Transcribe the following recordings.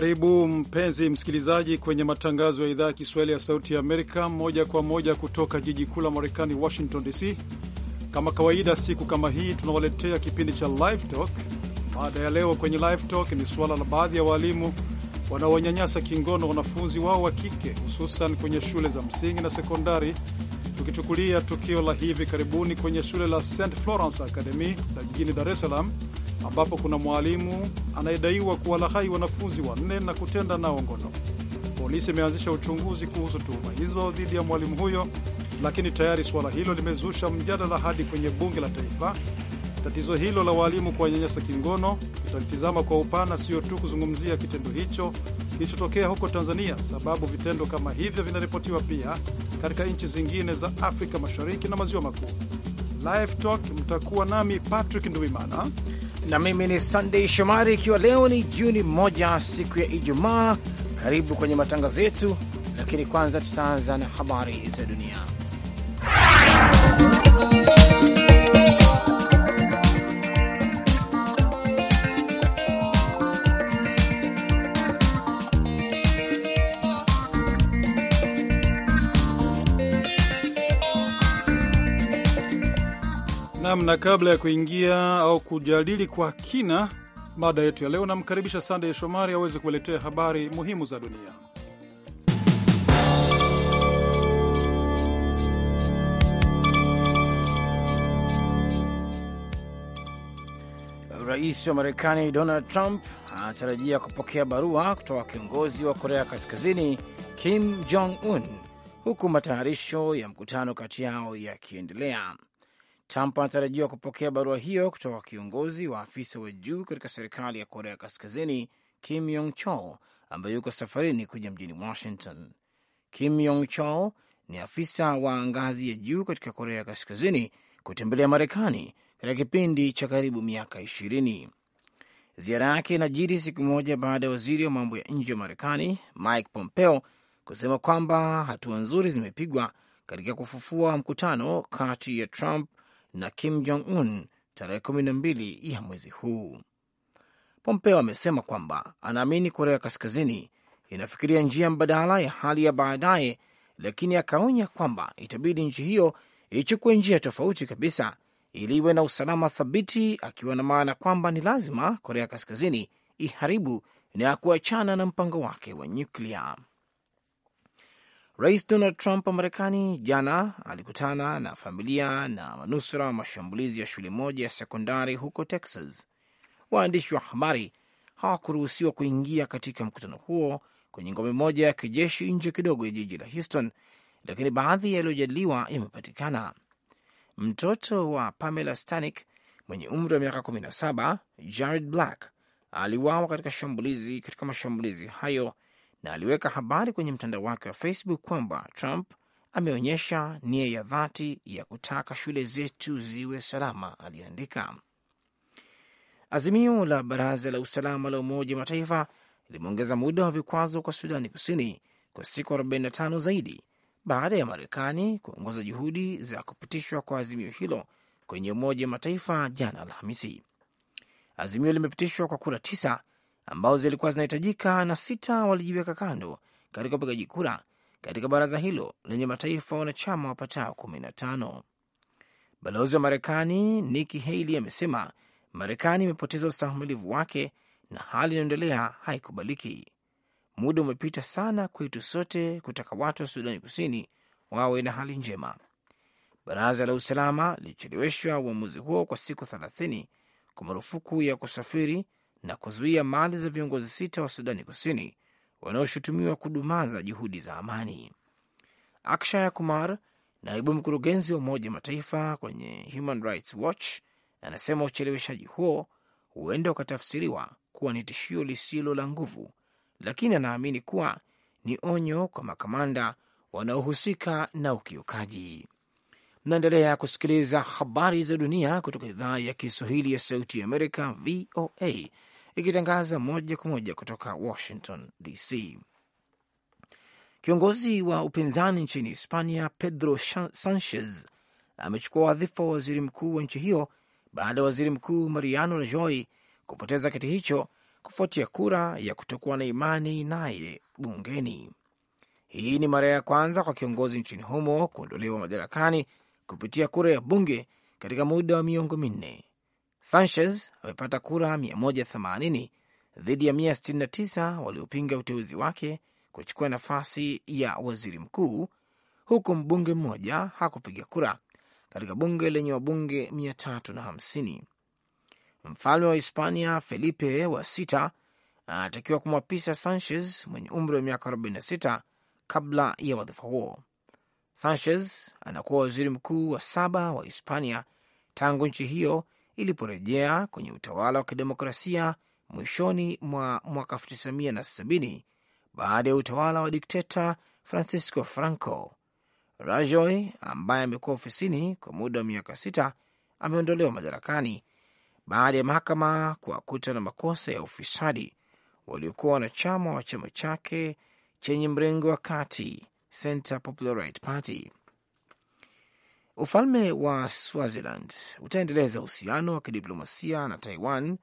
Karibu mpenzi msikilizaji kwenye matangazo ya idhaa ya Kiswahili ya Sauti ya Amerika moja kwa moja kutoka jiji kuu la Marekani, Washington DC. Kama kawaida, siku kama hii tunawaletea kipindi cha Live Talk. Baada ya leo kwenye Live Talk ni suala la baadhi ya waalimu wanaonyanyasa kingono wanafunzi wao wa kike, hususan kwenye shule za msingi na sekondari, tukichukulia tukio la hivi karibuni kwenye shule la St Florence Academy la jijini Dar es Salaam ambapo kuna mwalimu anayedaiwa kuwalaghai wanafunzi wanne na kutenda nao ngono. Polisi imeanzisha uchunguzi kuhusu tuhuma hizo dhidi ya mwalimu huyo, lakini tayari suala hilo limezusha mjadala hadi kwenye bunge la taifa. Tatizo hilo la waalimu kuwanyanyasa kingono litalitizama kwa upana, sio tu kuzungumzia kitendo hicho kilichotokea huko Tanzania, sababu vitendo kama hivyo vinaripotiwa pia katika nchi zingine za Afrika Mashariki na Maziwa Makuu. Live Talk mtakuwa nami Patrick Nduimana na mimi ni sandey Shomari, ikiwa leo ni Juni moja, siku ya Ijumaa. Karibu kwenye matangazo yetu, lakini kwanza tutaanza na habari za dunia. nam. Na kabla ya kuingia au kujadili kwa kina mada yetu ya leo, namkaribisha Sandey Shomari aweze kueletea habari muhimu za dunia. Rais wa Marekani Donald Trump anatarajia kupokea barua kutoka kiongozi wa Korea Kaskazini Kim Jong Un, huku matayarisho ya mkutano kati yao yakiendelea. Trump anatarajiwa kupokea barua hiyo kutoka kwa kiongozi wa afisa wa juu katika serikali ya Korea Kaskazini, Kim Yong Chol, ambaye yuko safarini kuja mjini Washington. Kim Yong Chol ni afisa wa ngazi ya juu katika Korea Kaskazini kutembelea Marekani katika kipindi cha karibu miaka ishirini. Ziara yake inajiri siku moja baada ya waziri wa mambo ya nje wa Marekani Mike Pompeo kusema kwamba hatua nzuri zimepigwa katika kufufua mkutano kati ya Trump na Kim Jong Un tarehe kumi na mbili ya mwezi huu. Pompeo amesema kwamba anaamini Korea Kaskazini inafikiria njia mbadala ya hali ya baadaye, lakini akaonya kwamba itabidi nchi hiyo ichukue njia tofauti kabisa ili iwe na usalama thabiti, akiwa na maana kwamba ni lazima Korea Kaskazini iharibu na kuachana na mpango wake wa nyuklia. Rais Donald Trump wa Marekani jana alikutana na familia na manusura wa mashambulizi ya shule moja ya sekondari huko Texas. Waandishi wa habari hawakuruhusiwa kuingia katika mkutano huo kwenye ngome moja ya kijeshi nje kidogo ya jiji la Houston, lakini baadhi yaliyojadiliwa yamepatikana. Mtoto wa Pamela Stanik mwenye umri wa miaka 17, Jared Black aliwawa katika, katika mashambulizi hayo na aliweka habari kwenye mtandao wake wa Facebook kwamba Trump ameonyesha nia ya dhati ya kutaka shule zetu ziwe salama, aliandika. Azimio la Baraza la Usalama la Umoja wa Mataifa limeongeza muda wa vikwazo kwa Sudani Kusini kwa siku 45 zaidi baada ya Marekani kuongoza juhudi za kupitishwa kwa azimio hilo kwenye Umoja wa Mataifa jana Alhamisi. Azimio limepitishwa kwa kura tisa ambao zilikuwa zinahitajika na sita walijiweka kando katika upigaji kura katika baraza hilo lenye mataifa wanachama wapatao kumi na tano. Balozi wa Marekani Nikki Haley amesema Marekani imepoteza ustahimilivu wake na hali inaendelea haikubaliki. Muda umepita sana kwetu sote kutaka watu wa Sudani Kusini wawe na hali njema. Baraza la usalama lilicheleweshwa uamuzi huo kwa siku thelathini kwa marufuku ya kusafiri na kuzuia mali za viongozi sita wa Sudani Kusini wanaoshutumiwa kudumaza juhudi za amani. Akshaya Kumar, naibu mkurugenzi wa Umoja Mataifa kwenye Human Rights Watch, anasema ucheleweshaji huo huenda ukatafsiriwa kuwa ni tishio lisilo la nguvu, lakini anaamini kuwa ni onyo kwa makamanda wanaohusika na ukiukaji. Mnaendelea kusikiliza habari za dunia kutoka idhaa ya Kiswahili ya Sauti ya Amerika, VOA, ikitangaza moja kwa moja kutoka Washington DC. Kiongozi wa upinzani nchini Hispania Pedro Sanchez amechukua wadhifa wa waziri mkuu wa nchi hiyo baada ya waziri mkuu Mariano Rajoy kupoteza kiti hicho kufuatia kura ya kutokuwa na imani naye bungeni. Hii ni mara ya kwanza kwa kiongozi nchini humo kuondolewa madarakani kupitia kura ya bunge katika muda wa miongo minne. Sanchez amepata kura 180 dhidi ya 169 waliopinga uteuzi wake kuchukua nafasi ya waziri mkuu, huku mbunge mmoja hakupiga kura katika bunge lenye wabunge 350. Mfalme wa Hispania Felipe wa sita anatakiwa kumwapisa Sanchez mwenye umri wa miaka 46 kabla ya wadhifa huo. Sanchez anakuwa waziri mkuu wa saba wa Hispania tangu nchi hiyo iliporejea kwenye utawala wa kidemokrasia mwishoni mwa mwaka 1970 baada ya utawala wa dikteta Francisco Franco. Rajoy ambaye amekuwa ofisini kwa muda wa miaka sita ameondolewa madarakani baada ya mahakama kuwakuta na makosa ya ufisadi waliokuwa wanachama wa chama chake chenye mrengo wa kati Center Popular Right Party. Ufalme wa Swaziland utaendeleza uhusiano wa kidiplomasia na Taiwan,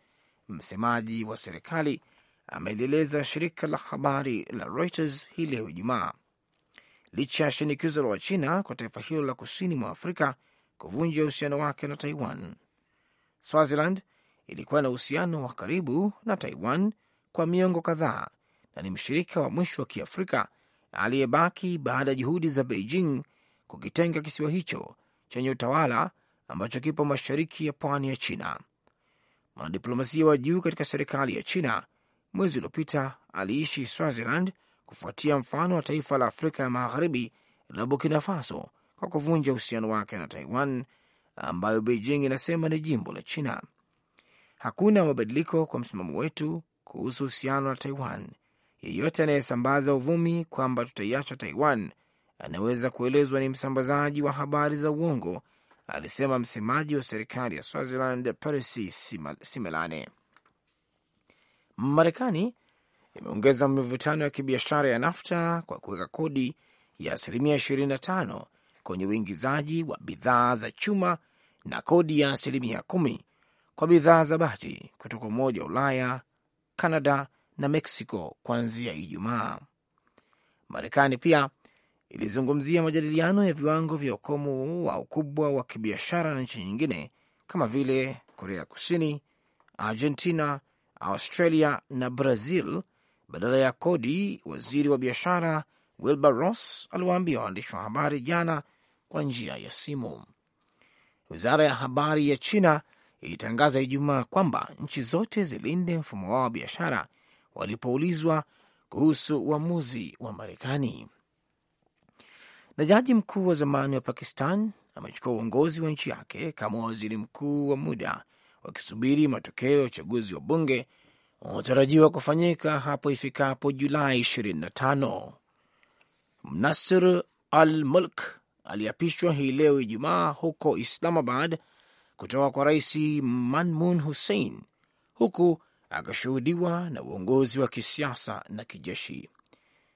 msemaji wa serikali amelieleza shirika la habari la Reuters hii leo Ijumaa, licha ya shinikizo la Wachina kwa taifa hilo la kusini mwa Afrika kuvunja uhusiano wake na Taiwan. Swaziland ilikuwa na uhusiano wa karibu na Taiwan kwa miongo kadhaa na ni mshirika wa mwisho wa kiafrika aliyebaki baada ya juhudi za Beijing kukitenga kisiwa hicho chenye utawala ambacho kipo mashariki ya pwani ya China. Mwanadiplomasia wa juu katika serikali ya China mwezi uliopita aliishi Swaziland kufuatia mfano wa taifa la Afrika ya Magharibi la Burkina Faso kwa kuvunja uhusiano wake na Taiwan ambayo Beijing inasema ni jimbo la China. Hakuna mabadiliko kwa msimamo wetu kuhusu uhusiano na Taiwan. Yeyote anayesambaza uvumi kwamba tutaiacha Taiwan anaweza kuelezwa ni msambazaji wa habari za uongo, alisema msemaji wa serikali ya Swaziland Percy Simelane. Marekani imeongeza mivutano ya kibiashara ya NAFTA kwa kuweka kodi ya asilimia 25 kwenye uingizaji wa bidhaa za chuma na kodi ya asilimia kumi kwa bidhaa za bati kutoka Umoja wa Ulaya, canada na Mexico kuanzia Ijumaa. Marekani pia ilizungumzia majadiliano ya viwango vya ukomo wa ukubwa wa kibiashara na nchi nyingine kama vile Korea Kusini, Argentina, Australia na Brazil badala ya kodi. Waziri wa biashara Wilbur Ross aliwaambia waandishi wa habari jana kwa njia ya simu. Wizara ya habari ya China ilitangaza Ijumaa kwamba nchi zote zilinde mfumo wao wa biashara walipoulizwa kuhusu uamuzi wa Marekani. Na jaji mkuu wa zamani wa Pakistan amechukua uongozi wa nchi yake kama waziri mkuu wa muda, wakisubiri matokeo ya uchaguzi wa bunge unaotarajiwa kufanyika hapo ifikapo Julai 25. Mnasir al Mulk aliapishwa hii leo Ijumaa huko Islamabad kutoka kwa Rais Manmun Hussein, huku akashuhudiwa na uongozi wa kisiasa na kijeshi.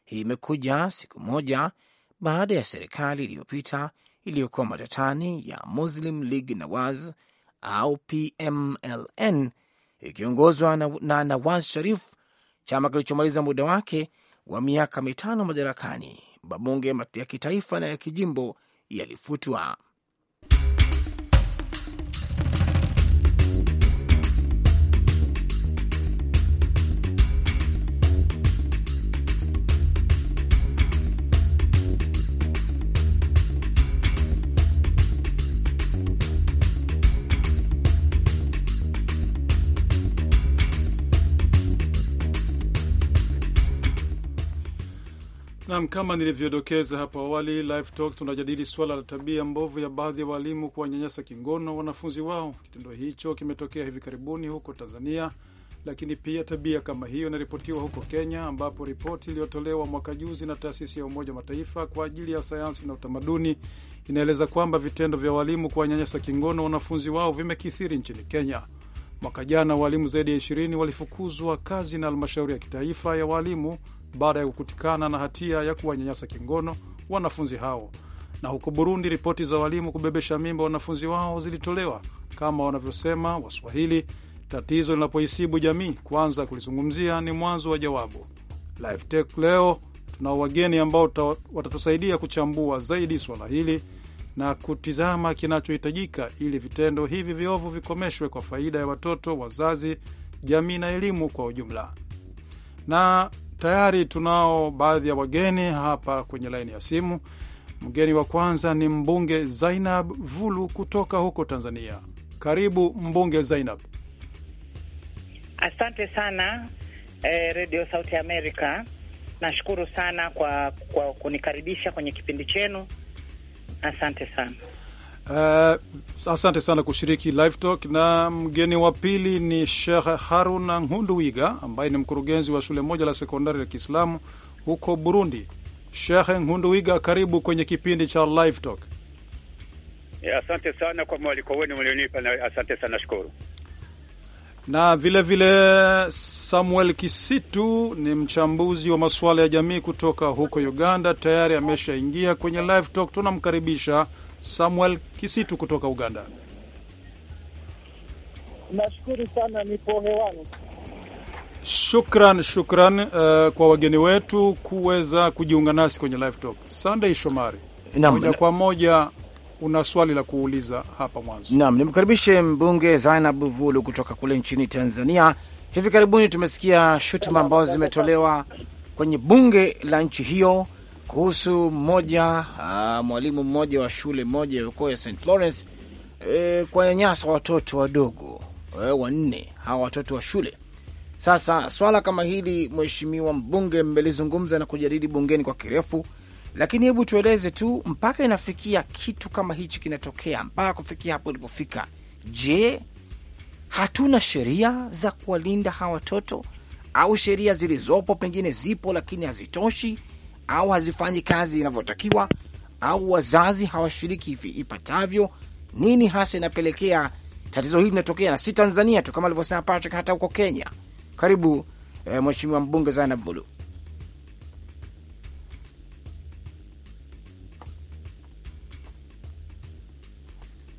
Hii imekuja siku moja baada ya serikali iliyopita iliyokuwa matatani ya Muslim League Nawaz au PMLN ikiongozwa na, na Nawaz Sharif, chama kilichomaliza muda wake wa miaka mitano madarakani. Mabunge ya kitaifa na ya kijimbo yalifutwa. Nam, kama nilivyodokeza hapo awali, Live Talk tunajadili suala la tabia mbovu ya baadhi ya waalimu kuwanyanyasa kingono wanafunzi wao. Kitendo hicho kimetokea hivi karibuni huko Tanzania, lakini pia tabia kama hiyo inaripotiwa huko Kenya, ambapo ripoti iliyotolewa mwaka juzi na taasisi ya Umoja wa Mataifa kwa ajili ya sayansi na utamaduni inaeleza kwamba vitendo vya walimu kuwanyanyasa kingono wanafunzi wao vimekithiri nchini Kenya. Mwaka jana waalimu zaidi ya ishirini walifukuzwa kazi na halmashauri ya kitaifa ya waalimu baada ya kukutikana na hatia ya kuwanyanyasa kingono wanafunzi hao. Na huko Burundi, ripoti za walimu kubebesha mimba wanafunzi wao zilitolewa. Kama wanavyosema Waswahili, tatizo linapohisibu jamii, kwanza kulizungumzia ni mwanzo wa jawabu. Live Talk leo tuna wageni ambao watatusaidia kuchambua zaidi swala hili na kutizama kinachohitajika ili vitendo hivi viovu vikomeshwe kwa faida ya watoto, wazazi, jamii na elimu kwa ujumla. Na Tayari tunao baadhi ya wageni hapa kwenye laini ya simu. Mgeni wa kwanza ni mbunge Zainab Vulu kutoka huko Tanzania. Karibu mbunge Zainab. Asante sana eh, Radio Sauti Amerika. Nashukuru sana kwa, kwa kunikaribisha kwenye kipindi chenu. Asante sana. Uh, asante sana kushiriki live talk, na mgeni wa pili ni Sheikh Haruna Nkunduwiga ambaye ni mkurugenzi wa shule moja la sekondari la Kiislamu huko Burundi. Sheikh Nkunduwiga, karibu kwenye kipindi cha live talk. Yeah, asante sana kwa mwaliko wenu mlionipa na asante sana shukuru. Na vile vile Samuel Kisitu ni mchambuzi wa masuala ya jamii kutoka huko Uganda, tayari ameshaingia kwenye live talk, tunamkaribisha Samuel Kisitu kutoka Uganda. Nashukuru sana, nipo hewani. Shukran, shukran uh, kwa wageni wetu kuweza kujiunga nasi kwenye live talk. Sunday Shomari, moja kwa moja una swali la kuuliza hapa mwanzo. Naam, nimkaribishe mbunge Zainab Vulu kutoka kule nchini Tanzania. Hivi karibuni tumesikia shutuma ambazo zimetolewa kwenye bunge la nchi hiyo kuhusu mmoja ah, mwalimu mmoja wa shule moja ilikuwa ya St Lawrence e, eh, kuwanyanyasa watoto wadogo e, wanne hawa watoto wa shule. Sasa swala kama hili, mheshimiwa mbunge, mmelizungumza na kujadili bungeni kwa kirefu, lakini hebu tueleze tu mpaka inafikia kitu kama hichi kinatokea, mpaka kufikia hapo ilipofika. Je, hatuna sheria za kuwalinda hawa watoto au sheria zilizopo pengine zipo lakini hazitoshi? au hazifanyi kazi inavyotakiwa au wazazi hawashiriki ipatavyo. Nini hasa inapelekea tatizo hili linatokea? Na si Tanzania tu, kama alivyosema Patrick, hata huko Kenya. Karibu eh, Mheshimiwa mbunge Zainab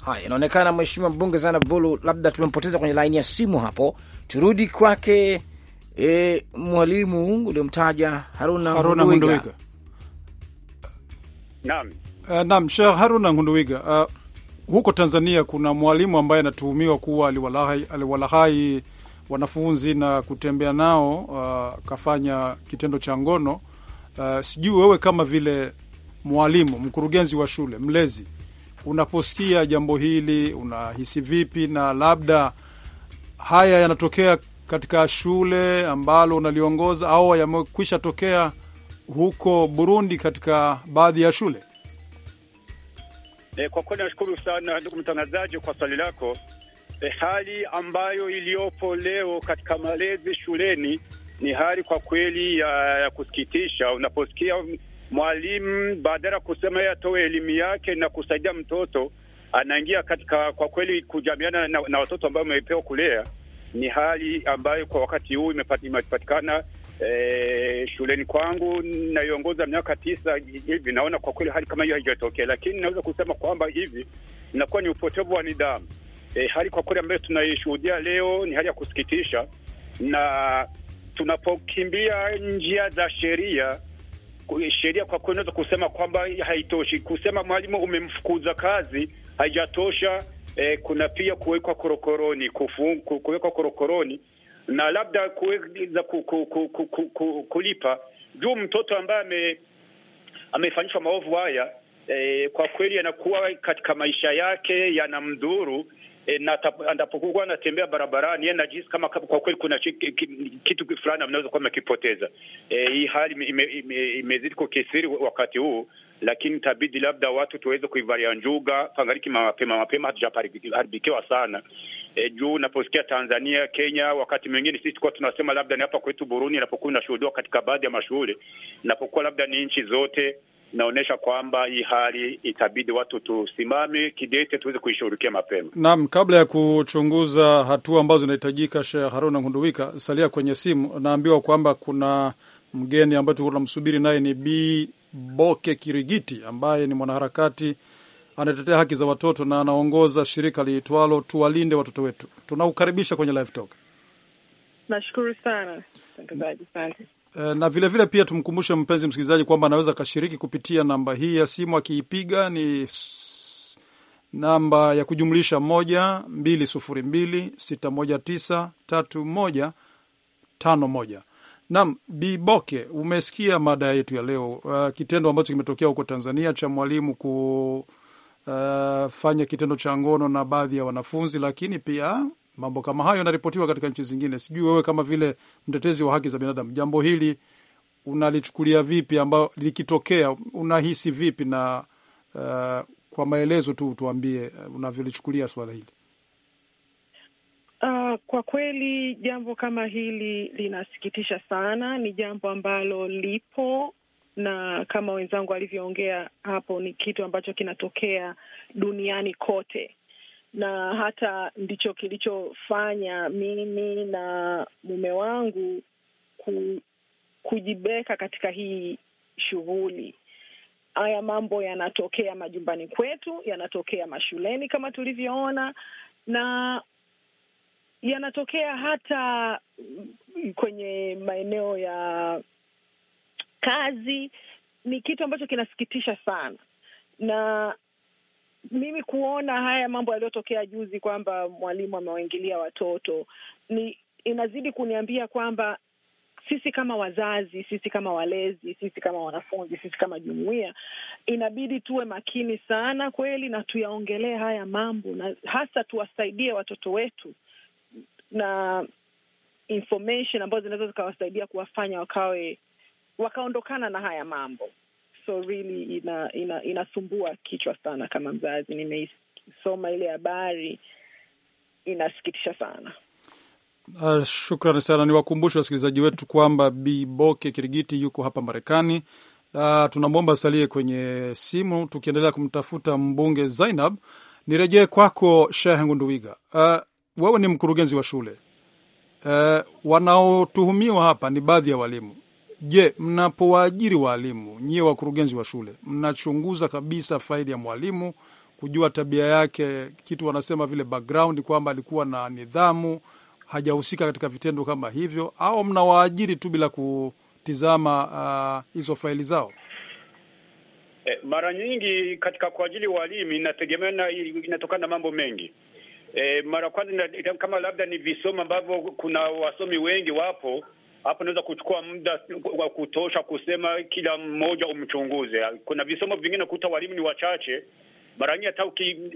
Haya, inaonekana Mheshimiwa mbunge Zainab labda tumempoteza kwenye laini ya simu hapo, turudi kwake e, mwalimu uliomtaja Haruna, Haruna Ngunduwiga. Naam, uh, naam Sheikh Haruna Ngunduwiga, uh, e, huko Tanzania kuna mwalimu ambaye anatuhumiwa kuwa aliwalahai, aliwalahai wanafunzi na kutembea nao uh, kafanya kitendo cha ngono uh, sijui wewe kama vile mwalimu mkurugenzi wa shule mlezi, unaposikia jambo hili unahisi vipi? Na labda haya yanatokea katika shule ambalo unaliongoza au yamekwisha tokea huko Burundi katika baadhi ya shule? E, kwa kweli nashukuru sana ndugu mtangazaji kwa swali lako. E, hali ambayo iliyopo leo katika malezi shuleni ni hali kwa kweli ya, ya kusikitisha. Unaposikia mwalimu badala ya kusema yeye atoe elimu yake na kusaidia mtoto anaingia katika kwa kweli kujamiana na, na watoto ambao wamepewa kulea ni hali ambayo kwa wakati huu imepatikana e, shuleni kwangu naiongoza miaka tisa hivi. Naona kwa kweli hali kama hiyo haijatokea, lakini naweza kusema kwamba hivi inakuwa ni upotevu wa nidhamu. E, hali kwa kweli ambayo tunaishuhudia leo ni hali ya kusikitisha, na tunapokimbia njia za sheria sheria kwa kweli naweza kusema kwamba haitoshi. Kusema mwalimu umemfukuza kazi haijatosha e, kuna pia kuwekwa korokoroni, kuwekwa korokoroni na labda kuweza ku, ku, ku, ku, ku, ku, kulipa juu mtoto ambaye ame, amefanyishwa maovu haya e, kwa kweli anakuwa katika maisha yake yanamdhuru e, na anapokuwa anatembea barabarani yeye anajihisi kama kwa kweli kuna kitu fulani anaweza kuwa amekipoteza. E, hii hali imezidi ime, ime, ime kukithiri wakati huu lakini itabidi labda watu tuweze kuivalia njuga fangariki mapema mapema, hatujaharibikiwa sana e, juu unaposikia Tanzania, Kenya, wakati mwingine sisi tukuwa tunasema labda ni hapa kwetu Burundi, inapokuwa inashuhudiwa katika baadhi ya mashule, inapokuwa labda ni nchi zote naonyesha kwamba hii hali itabidi watu tusimame kidete tuweze kuishughulikia mapema. Naam, kabla ya kuchunguza hatua ambazo zinahitajika. Sheh Haruna Ngunduwika, salia kwenye simu. Naambiwa kwamba kuna mgeni ambaye tulikuwa tunamsubiri naye ni Bi Boke Kirigiti ambaye ni mwanaharakati anatetea haki za watoto na anaongoza shirika liitwalo Tuwalinde Watoto Wetu. tunakukaribisha kwenye Live Talk. Nashukuru sana eh, na vilevile vile pia tumkumbushe mpenzi msikilizaji kwamba anaweza akashiriki kupitia namba hii ya simu. Akiipiga ni namba ya kujumlisha moja mbili sufuri mbili sita moja tisa tatu moja tano moja nam Biboke, umesikia mada yetu ya leo, uh, kitendo ambacho kimetokea huko Tanzania cha mwalimu kufanya uh, kitendo cha ngono na baadhi ya wanafunzi, lakini pia mambo kama hayo yanaripotiwa katika nchi zingine. Sijui wewe kama vile mtetezi wa haki za binadamu, jambo hili unalichukulia vipi? Ambayo likitokea unahisi vipi? Na uh, kwa maelezo tu tuambie uh, unavyolichukulia swala hili kwa kweli jambo kama hili linasikitisha sana. Ni jambo ambalo lipo na kama wenzangu alivyoongea hapo, ni kitu ambacho kinatokea duniani kote, na hata ndicho kilichofanya mimi na mume wangu ku, kujibeka katika hii shughuli. Haya mambo yanatokea majumbani kwetu, yanatokea mashuleni kama tulivyoona, na yanatokea hata kwenye maeneo ya kazi. Ni kitu ambacho kinasikitisha sana, na mimi kuona haya mambo yaliyotokea juzi kwamba mwalimu amewaingilia watoto ni inazidi kuniambia kwamba sisi kama wazazi, sisi kama walezi, sisi kama wanafunzi, sisi kama jumuia inabidi tuwe makini sana kweli na tuyaongelee haya mambo, na hasa tuwasaidie watoto wetu na information ambazo zinaweza zikawasaidia kuwafanya wakawe wakaondokana na haya mambo. So really ina, ina, inasumbua kichwa sana kama mzazi. Nimeisoma ile habari, inasikitisha sana. Uh, shukrani sana. Niwakumbushe wasikilizaji wetu kwamba Biboke Kirigiti yuko hapa Marekani. Uh, tunamwomba asalie kwenye simu tukiendelea kumtafuta mbunge Zainab. Nirejee kwako Shehe Ngunduwiga. Uh, wewe ni mkurugenzi wa shule e, wanaotuhumiwa hapa ni baadhi ya walimu. Je, mnapowaajiri waalimu nyie wakurugenzi wa shule mnachunguza kabisa faili ya mwalimu kujua tabia yake, kitu wanasema vile background, kwamba alikuwa na nidhamu, hajahusika katika vitendo kama hivyo, au mnawaajiri tu bila kutizama ah, hizo uh, faili zao? Eh, mara nyingi katika kuajili walimu inategemea, inatokana na mambo mengi. E, mara kwanza kama labda ni visomo ambavyo kuna wasomi wengi wapo hapo, naweza kuchukua muda wa kutosha kusema kila mmoja umchunguze. Kuna visomo vingine kuta walimu ni wachache, mara nyingi hata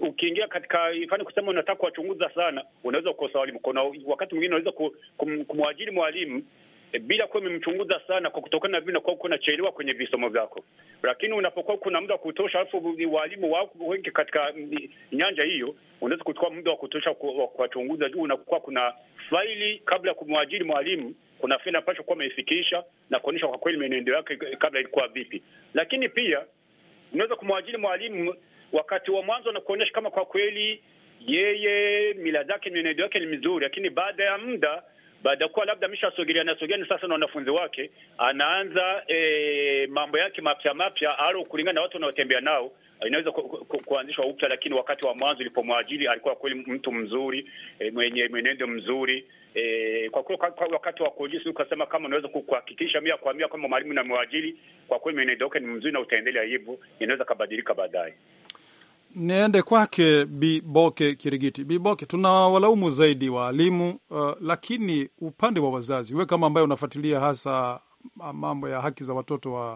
ukiingia katika ifani kusema unataka kuwachunguza sana, unaweza kukosa walimu. Kuna wakati mwingine unaweza kumwajiri mwalimu e, bila kuwa umemchunguza sana, kwa kutokana na vile unakuwa unachelewa kwenye visomo vyako. Lakini unapokuwa kuna muda wa kutosha, alafu walimu wako wengi katika mm, nyanja hiyo, unaweza kuchukua muda wa kutosha kuwachunguza juu, unakuwa kuna faili kabla ya kumwajiri mwalimu kuna faili ambacho kuwa ameifikisha na kuonyesha kwa kweli mwenendo yake kabla ilikuwa vipi. Lakini pia unaweza kumwajiri mwalimu wakati wa mwanzo na kuonyesha kama kwa kweli yeye mila zake, mwenendo yake ni mizuri, lakini baada ya muda baada ya kuwa labda na sogeleana sasa na wanafunzi wake, anaanza e, mambo yake mapya mapya, au kulingana na watu wanaotembea nao inaweza kuanzishwa upya, lakini wakati wa mwanzo ulipomwajiri alikuwa kweli mtu mzuri e, mwenye mwenendo mzuri e, kwa kweli wakati wa kujisi ukasema kama unaweza kuhakikisha mia kwa mia kama mwalimu na mwajiri kwa kweli mwenendo wake ni mzuri na utaendelea hivyo, inaweza kabadilika baadaye niende kwake Biboke Kirigiti. Biboke, tuna walaumu zaidi waalimu uh, lakini upande wa wazazi, we kama ambaye unafuatilia hasa uh, mambo ya haki za watoto wa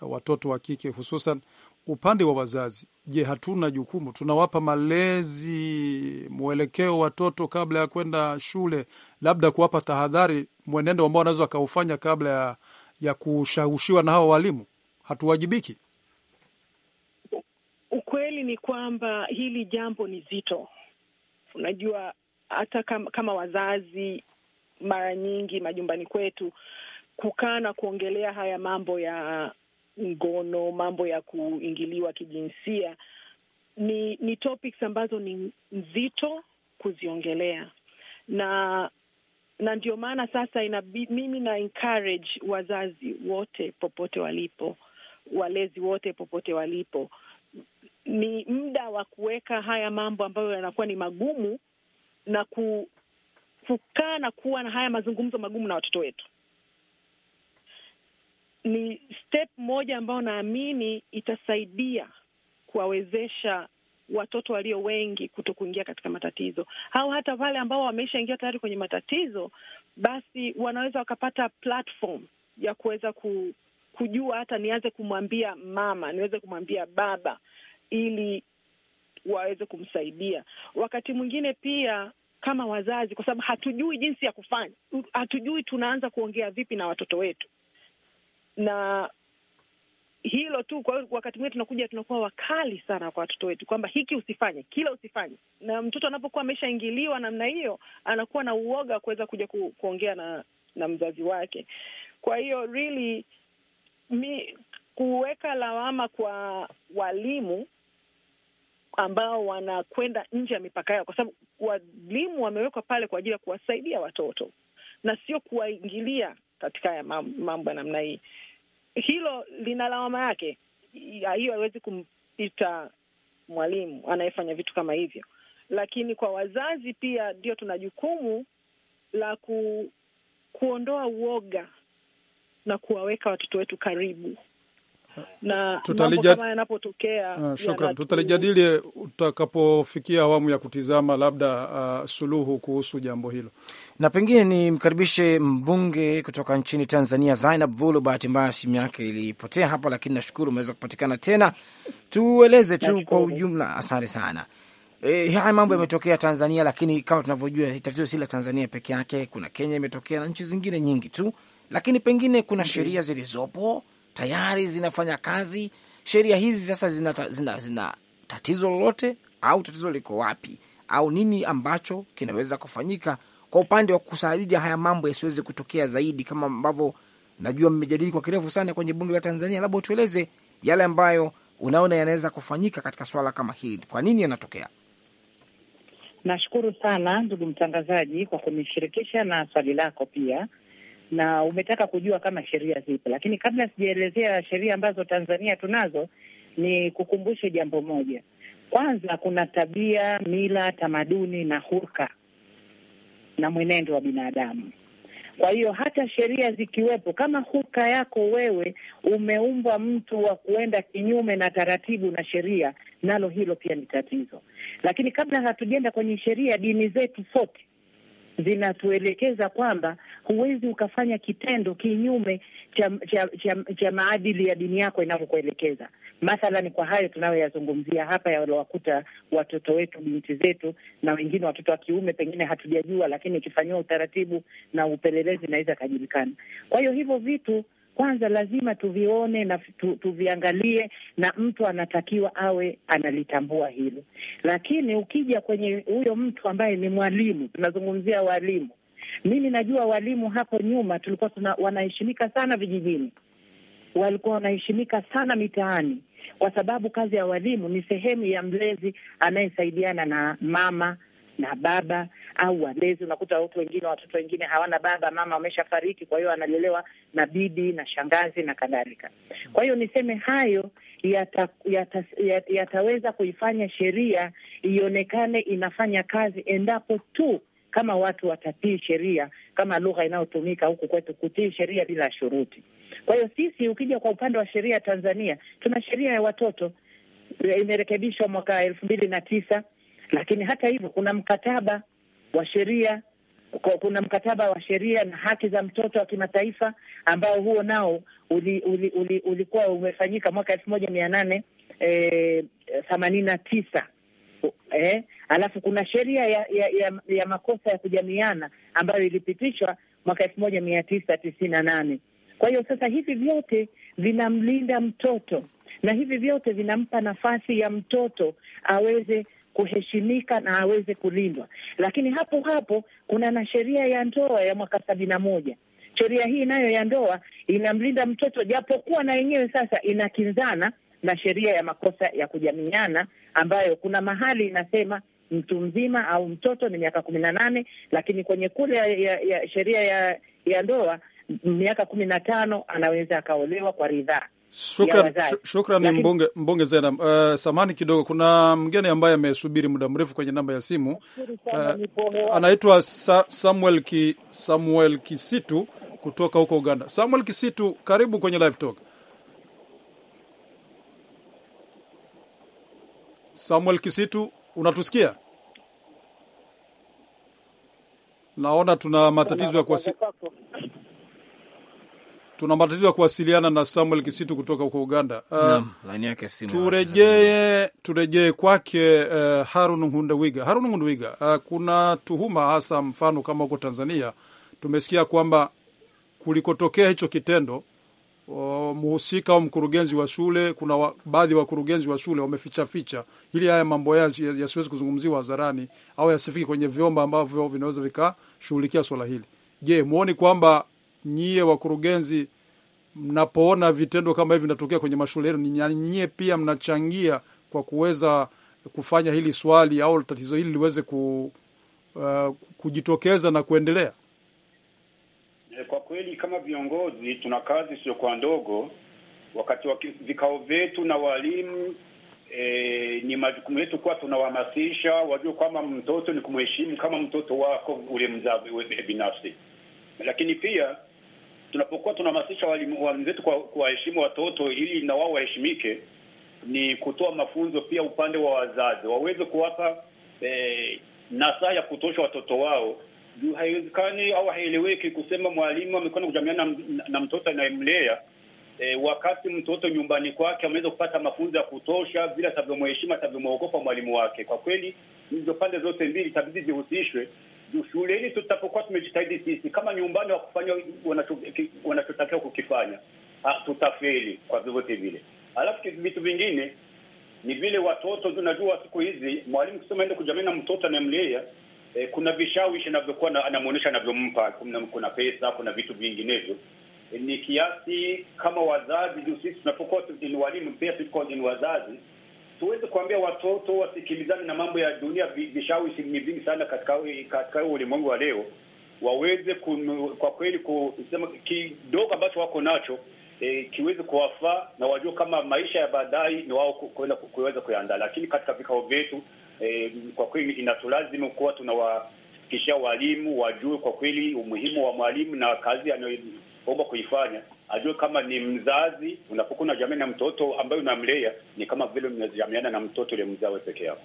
uh, watoto wa kike hususan upande wa wazazi, je, hatuna jukumu? Tunawapa malezi mwelekeo watoto kabla ya kwenda shule, labda kuwapa tahadhari, mwenendo ambao wanaweza wakaufanya kabla ya, ya kushawishiwa na hawa walimu. Hatuwajibiki. Ukweli ni kwamba hili jambo ni zito. Unajua, hata kama, kama wazazi mara nyingi majumbani kwetu kukaa na kuongelea haya mambo ya ngono, mambo ya kuingiliwa kijinsia ni ni topics ambazo ni nzito kuziongelea, na na ndio maana sasa inabi, mimi na encourage wazazi wote popote walipo, walezi wote popote walipo ni muda wa kuweka haya mambo ambayo yanakuwa ni magumu na kukaa na kuwa na haya mazungumzo magumu na watoto wetu ni step moja ambayo naamini itasaidia kuwawezesha watoto walio wengi kuto kuingia katika matatizo, au hata wale ambao ingia tayari kwenye matatizo, basi wanaweza wakapata platform ya kuweza ku, kujua hata nianze kumwambia mama, niweze kumwambia baba, ili waweze kumsaidia. Wakati mwingine pia kama wazazi, kwa sababu hatujui jinsi ya kufanya, hatujui tunaanza kuongea vipi na watoto wetu, na hilo tu. Kwa hiyo wakati mwingine tunakuja tunakuwa wakali sana kwa watoto wetu, kwamba hiki usifanye, kila usifanye, na mtoto anapokuwa ameshaingiliwa namna hiyo, anakuwa na uoga wa kuweza kuja ku, kuongea na na mzazi wake. Kwa hiyo really mi kuweka lawama kwa walimu ambao wanakwenda nje ya mipaka yao, kwa sababu walimu wamewekwa pale kwa ajili ya kuwasaidia watoto na sio kuwaingilia katika haya mambo ya namna hii. Hilo lina lawama yake, hiyo haiwezi kumpita mwalimu anayefanya vitu kama hivyo, lakini kwa wazazi pia ndio tuna jukumu la ku, kuondoa uoga na kuwaweka watoto wetu karibu na tutalijad... kama yanapotokea uh, shukran, tutalijadili utakapofikia awamu ya kutizama labda uh, suluhu kuhusu jambo hilo. Na pengine nimkaribishe mbunge kutoka nchini Tanzania, Zainab Vulu. Bahati mbaya simu yake ilipotea hapa, lakini nashukuru umeweza kupatikana tena. Tueleze tu kwa ujumla, asante sana. E, haya mambo yametokea Tanzania, lakini kama tunavyojua tatizo si la Tanzania peke yake, kuna Kenya imetokea na nchi zingine nyingi tu lakini pengine kuna okay, sheria zilizopo tayari zinafanya kazi. Sheria hizi sasa zina, zina, zina, tatizo lolote au tatizo liko wapi au nini ambacho kinaweza kufanyika kwa upande wa kusaidia haya mambo yasiweze kutokea zaidi, kama ambavyo najua mmejadili kwa kirefu sana kwenye bunge la Tanzania. Labda utueleze yale ambayo unaona yanaweza kufanyika katika swala kama hili, kwa nini yanatokea? Nashukuru sana ndugu mtangazaji kwa kunishirikisha na swali lako pia na umetaka kujua kama sheria zipo, lakini kabla sijaelezea sheria ambazo Tanzania tunazo, ni kukumbushe jambo moja. Kwanza, kuna tabia, mila, tamaduni na hurka na mwenendo wa binadamu. Kwa hiyo hata sheria zikiwepo, kama hurka yako wewe umeumbwa mtu wa kuenda kinyume na taratibu na sheria, nalo hilo pia ni tatizo. Lakini kabla hatujaenda kwenye sheria, dini zetu sote zinatuelekeza kwamba huwezi ukafanya kitendo kinyume cha, cha, cha, cha maadili ya dini yako inavyokuelekeza. Mathalani kwa hayo tunayoyazungumzia hapa yaliwakuta watoto wetu, binti zetu, na wengine watoto wa kiume, pengine hatujajua, lakini ikifanyiwa utaratibu na upelelezi inaweza akajulikana. Kwa hiyo hivyo vitu kwanza lazima tuvione na tu, tuviangalie, na mtu anatakiwa awe analitambua hilo. Lakini ukija kwenye huyo mtu ambaye ni mwalimu, tunazungumzia walimu. Mimi najua walimu hapo nyuma tulikuwa tuna, wanaheshimika sana vijijini, walikuwa wanaheshimika sana mitaani, kwa sababu kazi ya walimu ni sehemu ya mlezi anayesaidiana na mama na baba au walezi. Unakuta watu wengine, watoto wengine hawana baba, mama wameshafariki, kwa hiyo analelewa na bibi na shangazi na kadhalika. Kwa hiyo niseme hayo yata, yata, yata, yataweza kuifanya sheria ionekane inafanya kazi endapo tu kama watu watatii sheria kama lugha inayotumika huku kwetu, kutii sheria bila shuruti. Kwa hiyo sisi, ukija kwa upande wa sheria Tanzania, tuna sheria ya watoto imerekebishwa mwaka elfu mbili na tisa lakini hata hivyo kuna mkataba wa sheria, kuna mkataba wa sheria na haki za mtoto wa kimataifa ambao huo nao uli, uli, uli, ulikuwa umefanyika mwaka elfu moja mia nane eh, themanini na tisa. Eh, alafu kuna sheria ya, ya, ya, ya makosa ya kujamiana ambayo ilipitishwa mwaka elfu moja mia tisa tisini na nane. Kwa hiyo sasa hivi vyote vinamlinda mtoto na hivi vyote vinampa nafasi ya mtoto aweze kuheshimika na aweze kulindwa. Lakini hapo hapo kuna na sheria ya ndoa ya mwaka sabini na moja. Sheria hii nayo ya ndoa inamlinda mtoto, japokuwa na yenyewe sasa inakinzana na sheria ya makosa ya kujamiana ambayo kuna mahali inasema mtu mzima au mtoto ni miaka kumi na nane, lakini kwenye kule ya, ya, ya sheria ya, ya ndoa miaka kumi na tano anaweza akaolewa kwa ridhaa. Shukran, shukran mbunge, mbunge Zena. Uh, samani kidogo, kuna mgeni ambaye amesubiri muda mrefu kwenye namba ya simu uh, anaitwa Sa Samuel, Ki, Samuel Kisitu kutoka huko Uganda. Samuel Kisitu, karibu kwenye live talk. Samuel Kisitu, unatusikia? Naona tuna matatizo ya kuwasi tuna matatizo ya kuwasiliana na Samuel Kisitu kutoka huko Uganda. Uh, turejee kwake uh, Harun Hundewiga. Harun Hundewiga, uh, kuna tuhuma hasa, mfano kama huko Tanzania tumesikia kwamba kulikotokea hicho kitendo uh, mhusika au mkurugenzi wa shule, kuna wa, baadhi ya wakurugenzi wa shule wamefichaficha ili haya mambo yao yasiwezi kuzungumziwa hadharani au yasifiki kwenye vyombo ambavyo vinaweza vikashughulikia swala hili. Je, muoni kwamba nyie wakurugenzi, mnapoona vitendo kama hivi vinatokea kwenye mashule yenu, nyie pia mnachangia kwa kuweza kufanya hili swali au tatizo hili liweze ku, uh, kujitokeza na kuendelea? Eh, kwa kweli kama viongozi tuna kazi isiyokuwa ndogo. Wakati wa vikao vyetu na walimu e, ni majukumu yetu kuwa tunawahamasisha wajue kwamba mtoto ni kumheshimu kama mtoto wako ule mzazi binafsi, lakini pia tunapokuwa tunahamasisha walimu wetu kuwaheshimu watoto ili na wao waheshimike, ni kutoa mafunzo pia upande wa wazazi waweze kuwapa eh, nasaha ya kutosha watoto wao. haiwezekani au haieleweki kusema mwalimu amekwenda kujamiana na, na mtoto anayemlea E, wakati mtoto nyumbani kwake ameweza kupata mafunzo ya kutosha, vile atavyomheshima atavyomwogopa mwalimu wake. Kwa kweli hizo pande zote mbili itabidi zihusishwe shuleni tutapokuwa tumejitahidi sisi kama nyumbani kufanya wanachotakiwa kukifanya, tutafeli kwa vyovyote vile. Alafu vitu vingine ni vile watoto, unajua siku hizi mwalimu kusema ende kujamii na mtoto anayemlea e, kuna vishawishi anavyokuwa anamwonyesha anavyompa, kuna pesa, kuna vitu vinginevyo e, ni kiasi kama wazazi. Sisi tunapokuwa ni walimu pia, tuko ni wazazi tuweze kuambia watoto wasikilizane na mambo ya dunia, vishawishi ni vingi sana katika katika ulimwengu wa leo, waweze kunu, kwa kweli kusema kidogo ambacho wako nacho e, eh, kiweze kuwafaa na wajue kama maisha ya baadaye ni wao kuweza kuweza kuandaa. Lakini katika vikao vyetu e, kwa kweli inatulazimu kuwa tunawafikishia walimu wajue kwa kweli umuhimu wa mwalimu na kazi anayoomba kuifanya ajue kama ni mzazi, unapokuwa unajamiana na mtoto ambaye unamlea ni kama vile unajamiana na mtoto ile mzawe peke yako.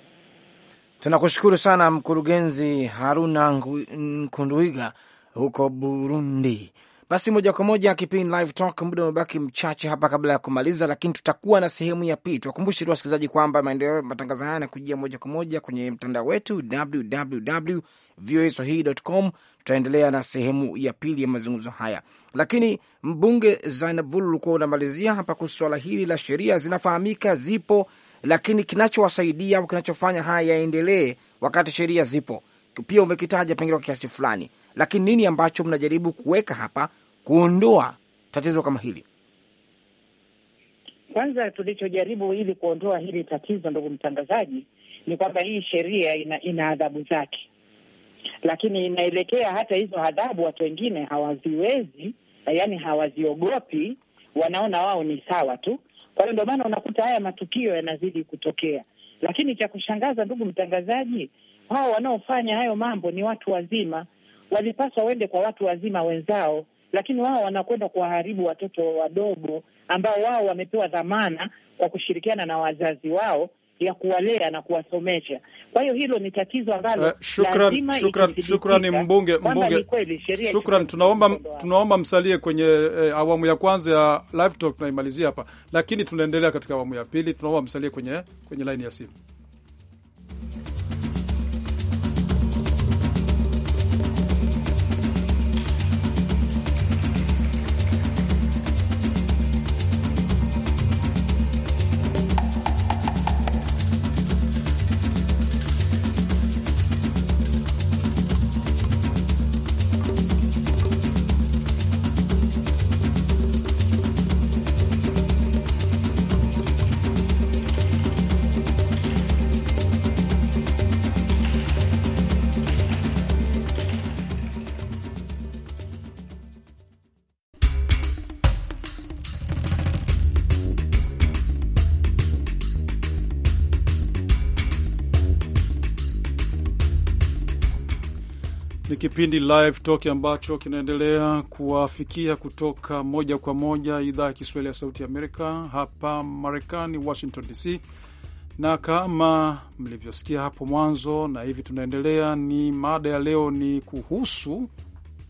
Tunakushukuru sana mkurugenzi Haruna Nkunduiga huko Burundi. Basi moja kwa moja kipindi Live Talk, muda umebaki mchache hapa kabla ya kumaliza, lakini tutakuwa na sehemu ya pili. Tuwakumbushe tu wasikilizaji kwamba maendeleo matangazo haya yanakujia moja kwa moja kwenye mtandao wetu www voa swahili.com. Tutaendelea na sehemu ya pili ya mazungumzo haya, lakini mbunge Zainabul, ulikuwa unamalizia hapa kuhusu swala hili la sheria. Zinafahamika zipo, lakini kinachowasaidia au kinachofanya haya yaendelee wakati sheria zipo pia umekitaja pengine kwa kiasi fulani, lakini nini ambacho mnajaribu kuweka hapa kuondoa tatizo kama hili? Kwanza tulichojaribu ili kuondoa hili tatizo, ndugu mtangazaji, ni kwamba hii sheria ina, ina adhabu zake, lakini inaelekea hata hizo adhabu watu wengine hawaziwezi, yaani hawaziogopi, wanaona wao ni sawa tu. Kwa hiyo ndio maana unakuta haya matukio yanazidi kutokea, lakini cha kushangaza, ndugu mtangazaji, hao wanaofanya hayo mambo ni watu wazima, walipaswa wende kwa watu wazima wenzao, lakini wao wanakwenda kuwaharibu watoto wadogo ambao wao wamepewa dhamana kwa kushirikiana na wazazi wao ya kuwalea na kuwasomesha. Kwa hiyo hilo ni tatizo ambalo uh, shukran, shukran, shukran mbunge, mbunge. Shukran, tunaomba tunaomba msalie kwenye eh, awamu ya kwanza ya live talk tunaimalizia hapa, lakini tunaendelea katika awamu ya pili. Tunaomba msalie kwenye kwenye laini ya simu. Ni kipindi Live Talk ambacho kinaendelea kuwafikia kutoka moja kwa moja idhaa ya Kiswahili ya Sauti ya Amerika hapa Marekani, Washington DC. Na kama mlivyosikia hapo mwanzo na hivi tunaendelea, ni mada ya leo ni kuhusu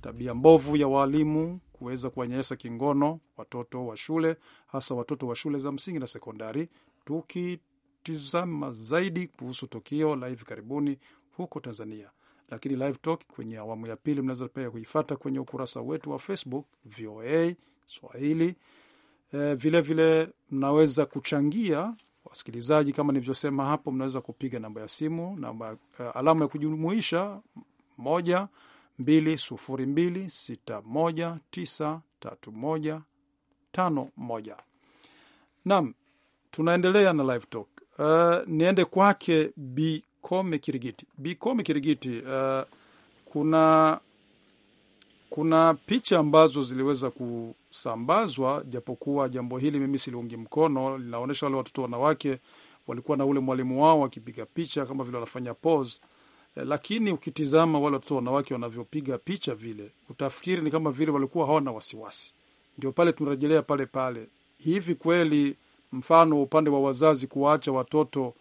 tabia mbovu ya waalimu kuweza kuwanyanyasa kingono watoto wa shule, hasa watoto wa shule za msingi na sekondari, tukitizama zaidi kuhusu tukio la hivi karibuni huko Tanzania. Lakini live talk kwenye awamu ya pili mnaweza pia kuifata kwenye ukurasa wetu wa Facebook VOA Swahili. E, vile vile mnaweza kuchangia wasikilizaji, kama nilivyosema hapo, mnaweza kupiga namba ya simu namba, e, alama ya kujumuisha moja mbili sufuri mbili sita moja tisa tatu moja tano moja. Naam, tunaendelea na live talk. Uh, niende kwake Bi Bikome Kirigiti. Bikome Kirigiti, uh, kuna kuna picha ambazo ziliweza kusambazwa, japokuwa jambo hili mimi siliungi mkono. Linaonyesha wale watoto wanawake walikuwa na ule mwalimu wao wakipiga picha kama vile wanafanya pose, eh, lakini ukitizama wale watoto wanawake wanavyopiga picha vile, utafikiri ni kama vile walikuwa hawana wasiwasi. Ndio pale tunarejelea pale pale, hivi kweli mfano upande wa wazazi kuwaacha watoto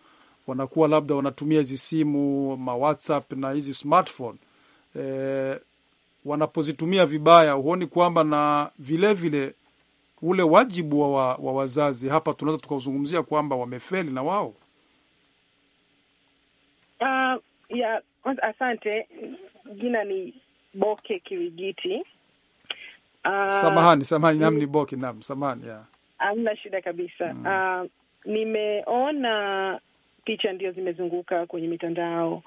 wanakuwa labda wanatumia hizi simu ma WhatsApp na hizi smartphone e, wanapozitumia vibaya, huoni kwamba na vilevile vile ule wajibu wa, wa wazazi hapa tunaweza tukauzungumzia kwamba wamefeli na wao? Uh, ya kwanza, asante. Jina ni Boke Kirigiti. Uh, ah, samahani samahani, nam ni Boke, nam samahani hamna shida kabisa. Mm. Uh, nimeona picha ndio zimezunguka kwenye mitandao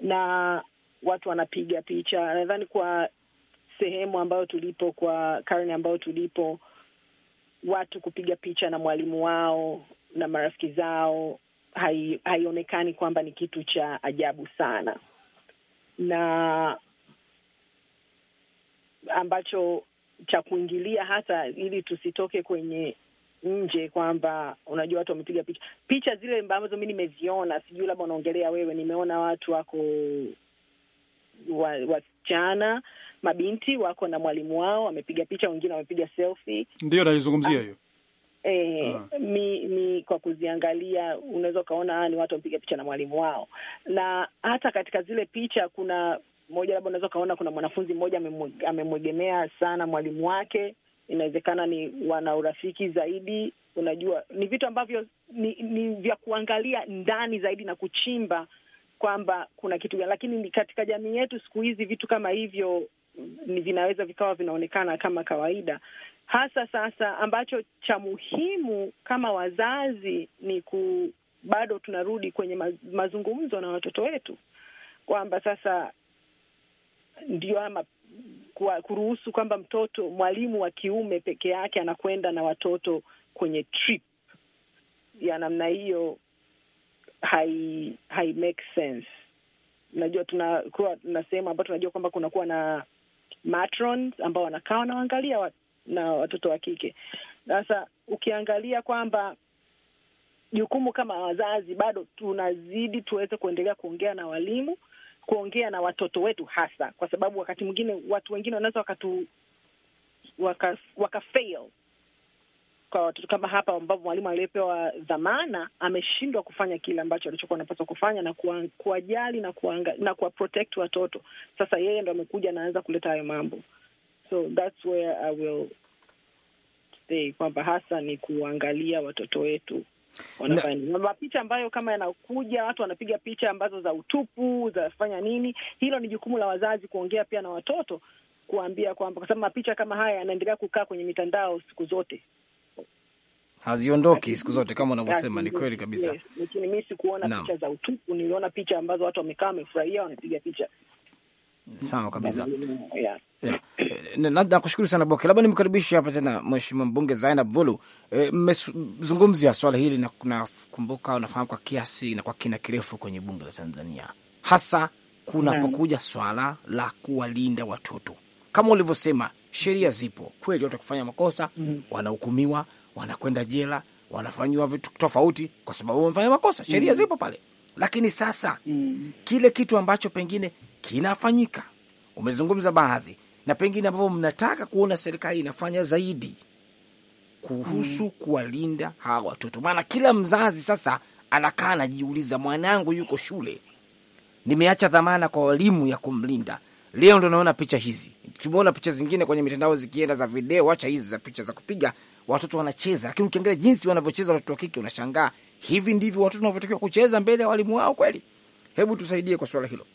na watu wanapiga picha. Nadhani kwa sehemu ambayo tulipo, kwa karne ambayo tulipo, watu kupiga picha na mwalimu wao na marafiki zao hai, haionekani kwamba ni kitu cha ajabu sana, na ambacho cha kuingilia hata ili tusitoke kwenye nje kwamba unajua watu wamepiga picha picha zile ambazo mi nimeziona, sijui labda unaongelea wewe. Nimeona watu wako wasichana wa mabinti wako na mwalimu wao wamepiga picha, wengine wamepiga selfie. Ndio naizungumzia ah, hiyo. eh, ah. mi, mi kwa kuziangalia unaweza ukaona ni watu wamepiga picha na mwalimu wao, na hata katika zile picha kuna moja labda unaweza ukaona kuna mwanafunzi mmoja amemwegemea sana mwalimu wake inawezekana ni wana urafiki zaidi. Unajua, ni vitu ambavyo ni, ni vya kuangalia ndani zaidi na kuchimba kwamba kuna kitu gani, lakini katika jamii yetu siku hizi vitu kama hivyo ni vinaweza vikawa vinaonekana kama kawaida, hasa sasa ambacho cha muhimu kama wazazi ni ku bado tunarudi kwenye mazungumzo na watoto wetu kwamba sasa ndio ama kwa, kuruhusu kwamba mtoto mwalimu wa kiume peke yake anakwenda na watoto kwenye trip ya namna hiyo hai, hai make sense. Najua tunakuwa na sehemu ambayo tunajua kwamba kunakuwa na matrons ambao wanakaa wanaangalia wa, na watoto wa kike. Sasa ukiangalia kwamba jukumu kama wazazi bado tunazidi tuweze kuendelea kuongea na walimu kuongea na watoto wetu, hasa kwa sababu wakati mwingine watu wengine wanaweza wakatu waka, waka fail kwa watoto kama hapa, ambapo mwalimu aliyepewa dhamana ameshindwa kufanya kile ambacho alichokuwa anapaswa kufanya na kuwajali na kuanga, na watoto. Sasa yeye ndo amekuja anaanza kuleta hayo mambo, so that's where I will stay kwamba hasa ni kuangalia watoto wetu wanafanya mapicha ambayo kama yanakuja, watu wanapiga picha ambazo za utupu zafanya nini. Hilo ni jukumu la wazazi kuongea pia na watoto, kuambia kwamba, kwa sababu mapicha kama haya yanaendelea kukaa kwenye mitandao siku zote, haziondoki siku zote kama unavyosema. Ni kweli kabisa, lakini yes. Mi sikuona picha za utupu, niliona picha ambazo watu wamekaa wamefurahia, wanapiga picha Sawa kabisa, yeah. Yeah. sana Boke, labda nimkaribishe hapa tena Mheshimiwa mbunge Zainab Vulu. E, mmezungumzia swala hili na nakumbuka, unafahamu kwa kiasi na kwa kina kirefu kwenye bunge la Tanzania, hasa kunapokuja swala la kuwalinda watoto. Kama ulivyosema, sheria zipo kweli, watu wakifanya makosa mm -hmm. wanahukumiwa, wanakwenda jela, wanafanyiwa vitu tofauti kwa sababu wamefanya makosa. Sheria mm -hmm. zipo pale, lakini sasa mm kile kitu ambacho pengine kinafanyika. Umezungumza baadhi na pengine ambavyo mnataka kuona serikali inafanya zaidi kuhusu mm, kuwalinda hawa watoto, maana kila mzazi sasa anakaa anajiuliza, mwanangu yuko shule, nimeacha dhamana kwa walimu ya kumlinda. Leo ndo naona picha hizi, tumeona picha zingine kwenye mitandao zikienda za video, acha hizi za picha za kupiga watoto wanacheza, lakini ukiangalia jinsi wanavyocheza watoto wa kike unashangaa, hivi ndivyo watoto wanavyotakiwa kucheza mbele ya walimu wao kweli? Hebu tusaidie kwa suala hilo.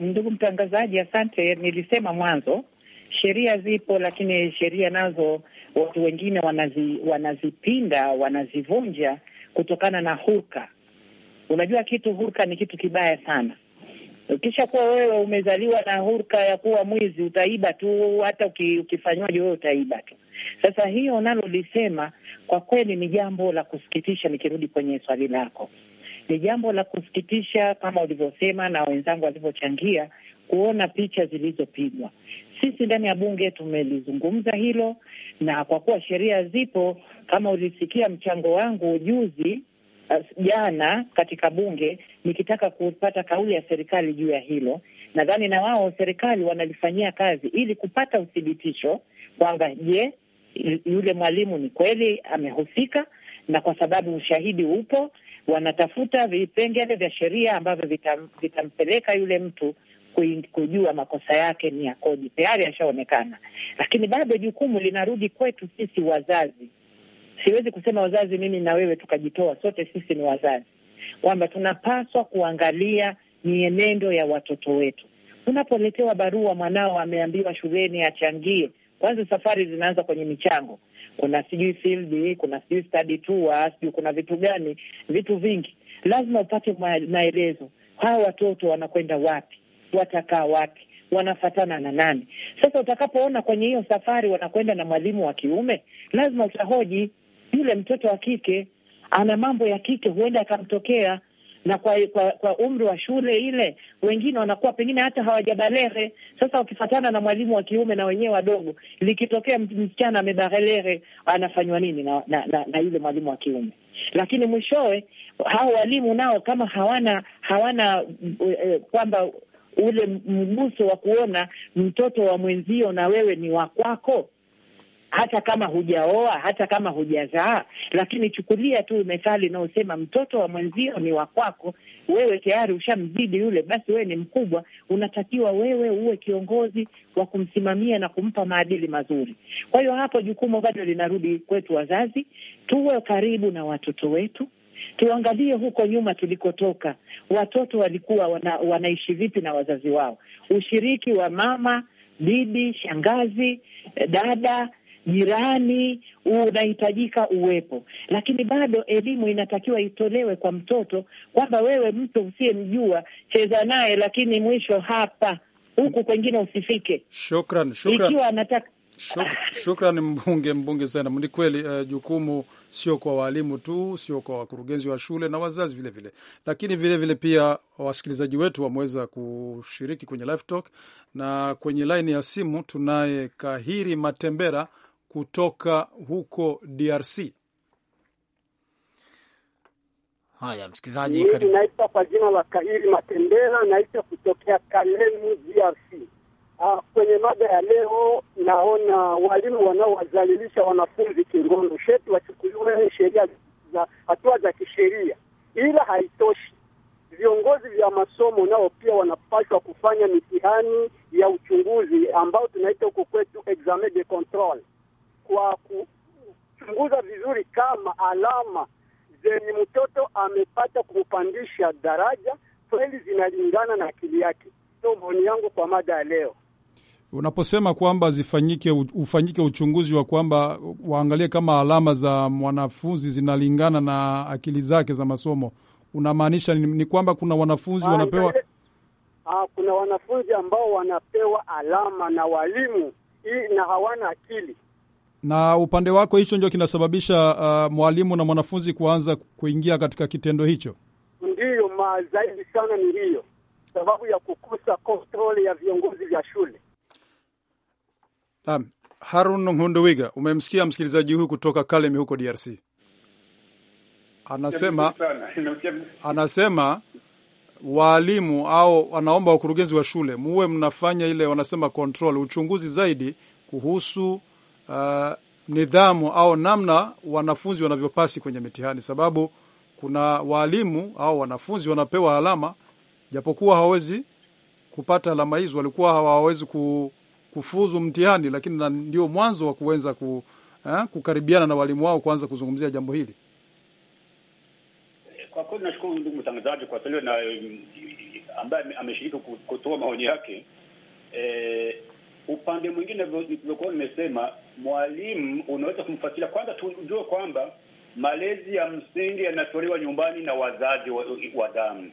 Ndugu mtangazaji, asante. Nilisema mwanzo sheria zipo, lakini sheria nazo watu wengine wanazi, wanazipinda wanazivunja kutokana na hurka. Unajua kitu hurka ni kitu kibaya sana. Ukisha kuwa wewe umezaliwa na hurka ya kuwa mwizi, utaiba tu, hata ukifanywaje wewe utaiba tu. Sasa hiyo unalolisema kwa kweli ni jambo la kusikitisha, nikirudi kwenye swali lako ni jambo la kusikitisha kama ulivyosema na wenzangu walivyochangia kuona picha zilizopigwa. Sisi ndani ya bunge tumelizungumza hilo, na kwa kuwa sheria zipo, kama ulisikia mchango wangu juzi uh, jana uh, katika bunge nikitaka kupata kauli ya serikali juu ya hilo. Nadhani na wao serikali wanalifanyia kazi ili kupata uthibitisho kwamba je, yule mwalimu ni kweli amehusika, na kwa sababu ushahidi upo wanatafuta vipengele vya sheria ambavyo vitampeleka vitampeleka yule mtu kujua makosa yake ni ya kodi. Tayari ashaonekana, lakini bado jukumu linarudi kwetu sisi wazazi. Siwezi kusema wazazi, mimi na wewe tukajitoa, sote sisi ni wazazi, kwamba tunapaswa kuangalia mienendo ya watoto wetu. Unapoletewa barua, mwanao ameambiwa shuleni achangie, kwanza safari zinaanza kwenye michango kuna sijui field, kuna sijui study tour, sijui kuna vitu gani, vitu vingi. Lazima upate maelezo, hawa watoto wanakwenda wapi, watakaa wapi, wanafatana na nani. Sasa utakapoona kwenye hiyo safari wanakwenda na mwalimu wa kiume, lazima utahoji yule mtoto wa kike ana mambo ya kike, huenda akamtokea na kwa, kwa, kwa umri wa shule ile, wengine wanakuwa pengine hata hawajabalehe. Sasa wakifatana na mwalimu wa kiume na wenyewe wadogo, likitokea msichana amebalehe anafanywa nini na, na, na, na yule mwalimu wa kiume? Lakini mwishowe hao walimu nao kama hawana hawana e, kwamba ule mguso wa kuona mtoto wa mwenzio na wewe ni wa kwako hata kama hujaoa, hata kama hujazaa, lakini chukulia tu methali inayosema mtoto wa mwenzio ni wa kwako. Wewe tayari ushamzidi yule, basi wewe ni mkubwa, unatakiwa wewe uwe kiongozi wa kumsimamia na kumpa maadili mazuri. Kwa hiyo hapo jukumu bado linarudi kwetu wazazi, tuwe karibu na watoto wetu. Tuangalie huko nyuma tulikotoka, watoto walikuwa wana, wanaishi vipi na wazazi wao. Ushiriki wa mama, bibi, shangazi, dada jirani unahitajika uwepo, lakini bado elimu inatakiwa itolewe kwa mtoto kwamba wewe, mtu usiyemjua cheza naye, lakini mwisho hapa, huku kwengine usifike. Shukran, shukran. Ikiwa anataka Shukran mbunge mbunge sana. Ni kweli uh, jukumu sio kwa waalimu tu, sio kwa wakurugenzi wa shule na wazazi vile vile, lakini vile vile pia wasikilizaji wetu wameweza kushiriki kwenye live talk, na kwenye laini ya simu tunaye Kahiri Matembera kutoka huko DRC. Haya, msikilizaji, karibu. Naitwa kwa jina la Kairi Matembela, naitwa kutokea Kalemu, DRC. Ah, kwenye mada ya leo naona walimu wanaowazalilisha wanafunzi kingono shetu wachukuliwe sheria za hatua za kisheria, ila haitoshi. Viongozi vya masomo nao pia wanapaswa kufanya mitihani ya uchunguzi ambao tunaita huko kwetu examen de control kwa kuchunguza vizuri kama alama zenye mtoto amepata kupandisha daraja kweli zinalingana na akili yake. Ndio maoni yangu kwa mada ya leo. Unaposema kwamba zifanyike ufanyike uchunguzi wa kwamba waangalie kama alama za mwanafunzi zinalingana na akili zake za masomo, unamaanisha ni, ni kwamba kuna wanafunzi wanapewa Aa, ah, kuna wanafunzi ambao wanapewa alama na walimu hii na hawana akili na upande wako hicho ndio kinasababisha uh, mwalimu na mwanafunzi kuanza kuingia katika kitendo hicho? Ndiyo, ma zaidi sana ni hiyo sababu ya kukosa kontroli ya viongozi vya shule. Naam, Harun Hunduwiga, umemsikia msikilizaji huyu kutoka Kalemi huko DRC anasema anasema waalimu au wanaomba wakurugenzi wa shule muwe mnafanya ile wanasema control, uchunguzi zaidi kuhusu uh, nidhamu au namna wanafunzi wanavyopasi kwenye mitihani, sababu kuna waalimu au wanafunzi wanapewa alama japokuwa hawawezi kupata alama hizo, walikuwa hawawezi kufuzu mtihani, lakini ndio mwanzo wa kuweza ku, eh, kukaribiana na walimu wao kuanza kuzungumzia jambo hili. Kwa kweli nashukuru ndugu mtangazaji kwa toleo na eh, ambaye ameshiriki kutoa maoni yake eh, Upande mwingine nilivyokuwa nimesema, mwalimu unaweza kumfuatilia. Kwanza tujue kwamba malezi ya msingi yanatolewa nyumbani na wazazi wa, wa damu,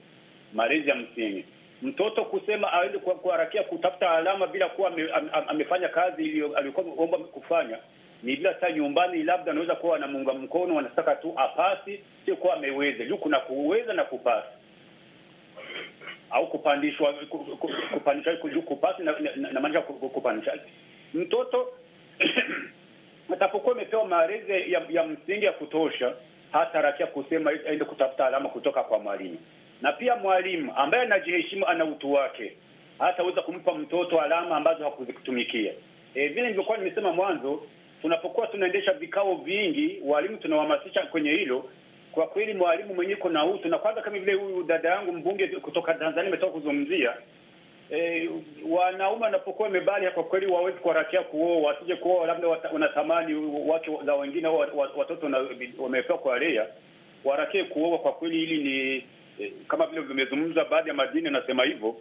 malezi ya msingi mtoto kusema aende kuharakia kutafuta alama bila kuwa ame, am, amefanya kazi aliyokuwa omba kufanya ni bila saa nyumbani, labda anaweza kuwa anamuunga mkono, wanataka tu apasi, sio kuwa ameweza juu kuna kuweza na kupasi au kupandishwa kupandisha kupasi namaanisha kupandisha mtoto atapokuwa amepewa maareze ya, ya msingi ya kutosha, hatarakia kusema aende kutafuta alama kutoka kwa mwalimu. Na pia mwalimu ambaye anajiheshimu, ana utu wake, hataweza kumpa mtoto alama ambazo hakuzitumikia. E, vile nilivyokuwa nimesema mwanzo, tunapokuwa tunaendesha vikao vingi, walimu tunawahamasisha kwenye hilo kwa kweli mwalimu mwenyewe kuna utu, na kwanza kama vile huyu dada yangu mbunge kutoka Tanzania ametoka kuzungumzia E, wanaume wanapokuwa imebali kwa kweli wawezi kuharakia kuoa, wasije kuoa labda wanatamani wake za wengine au watoto wamepewa kuwalea, waharakie kuoa kwa kweli. Hili ni e, kama vile vimezungumza baadhi ya madini anasema hivyo,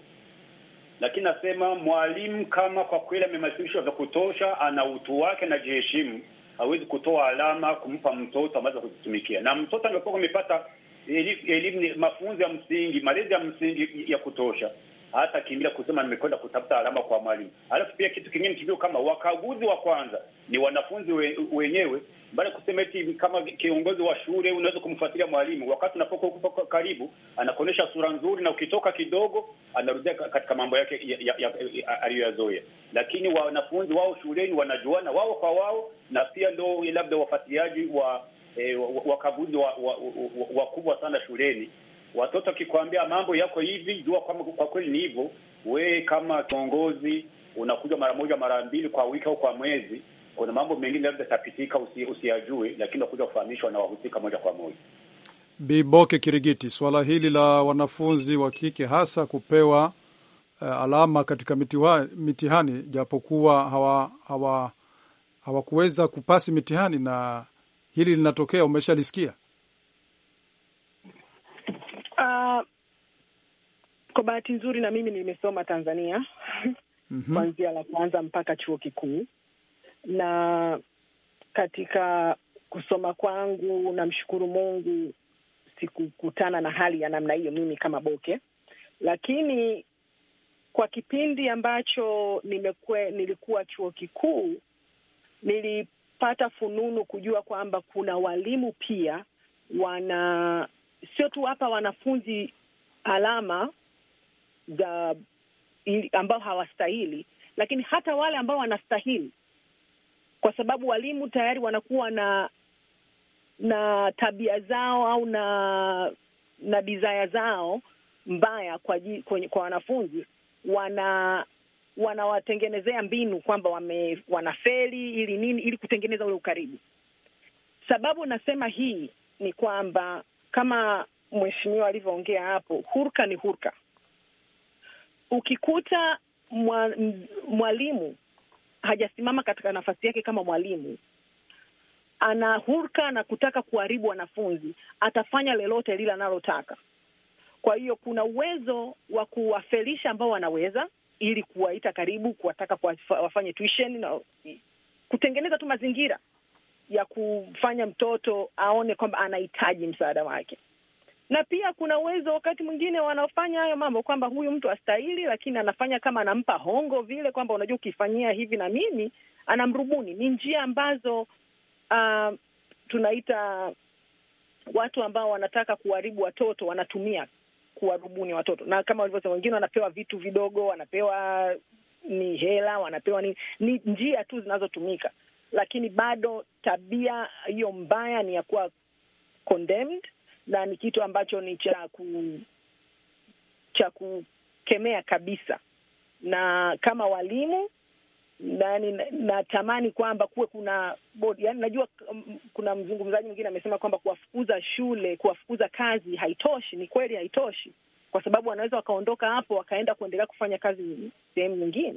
lakini nasema mwalimu kama kwa kweli amemasilishwa vya kutosha, ana utu wake, anajiheshimu hawezi kutoa alama kumpa mtoto ambazo kuzitumikia, na mtoto angekuwa amepata elimu, mafunzo ya msingi, malezi ya msingi ya kutosha hata kimbia kusema nimekwenda kutafuta alama kwa mwalimu. Alafu pia kitu kingine kijua kama wakaguzi wa kwanza ni wanafunzi we, wenyewe bali kusema eti kama kiongozi wa shule unaweza kumfuatilia mwalimu wakati huko karibu, anakuonyesha sura nzuri, na ukitoka kidogo anarudia katika mambo yake ya, ya, ya, ya, aliyoyazoea. Lakini wanafunzi wao shuleni wanajuana wao kwa wao, na pia ndo labda wafuatiliaji wa eh, wakaguzi wakubwa wa, wa, wa, wa sana shuleni Watoto akikwambia mambo yako hivi, jua kwamba kwa kweli ni hivyo. Wewe kama kiongozi unakuja mara moja mara mbili kwa wiki au kwa mwezi, kuna mambo mengine labda tapitika usiyajue usi, lakini unakuja kufahamishwa na wahusika moja kwa moja. Biboke Kirigiti, swala hili la wanafunzi wa kike hasa kupewa uh, alama katika mitiwa, mitihani japokuwa hawa hawa hawakuweza kupasi mitihani, na hili linatokea, umeshalisikia? Kwa bahati nzuri na mimi nimesoma Tanzania mhm. kuanzia mm -hmm. la kwanza mpaka chuo kikuu, na katika kusoma kwangu namshukuru Mungu sikukutana na hali ya namna hiyo mimi kama Boke, lakini kwa kipindi ambacho nimekwe, nilikuwa chuo kikuu nilipata fununu kujua kwamba kuna walimu pia wana sio tu hapa wanafunzi alama za ambao hawastahili, lakini hata wale ambao wanastahili, kwa sababu walimu tayari wanakuwa na na tabia zao au na na desire zao mbaya kwa kwa wanafunzi, wana wanawatengenezea mbinu kwamba wame- wanafeli ili nini, ili kutengeneza ule ukaribu. Sababu nasema hii ni kwamba kama mheshimiwa alivyoongea hapo, hurka ni hurka ukikuta mwa, mwalimu hajasimama katika nafasi yake kama mwalimu, anahurka na kutaka kuharibu wanafunzi, atafanya lolote lile analotaka. Kwa hiyo kuna uwezo wa kuwafelisha ambao wanaweza, ili kuwaita karibu, kuwataka wafanye tuition na kutengeneza tu mazingira ya kufanya mtoto aone kwamba anahitaji msaada wake na pia kuna uwezo wakati mwingine wanaofanya hayo mambo kwamba huyu mtu astahili, lakini anafanya kama anampa hongo vile, kwamba unajua, ukifanyia hivi na mimi anamrubuni. Ni njia ambazo uh, tunaita watu ambao wanataka kuharibu watoto wanatumia kuwarubuni watoto, na kama walivyosema wengine, wanapewa vitu vidogo, wanapewa ni hela, wanapewa ni, ni njia tu zinazotumika, lakini bado tabia hiyo mbaya ni ya kuwa condemned na ni kitu ambacho ni cha ku cha kukemea kabisa, na kama walimu nani natamani na kwamba kuwe kuna bodi yani, najua um, kuna mzungumzaji mwingine amesema kwamba kuwafukuza shule, kuwafukuza kazi haitoshi. Ni kweli haitoshi, kwa sababu wanaweza wakaondoka hapo wakaenda kuendelea kufanya kazi sehemu nyingine.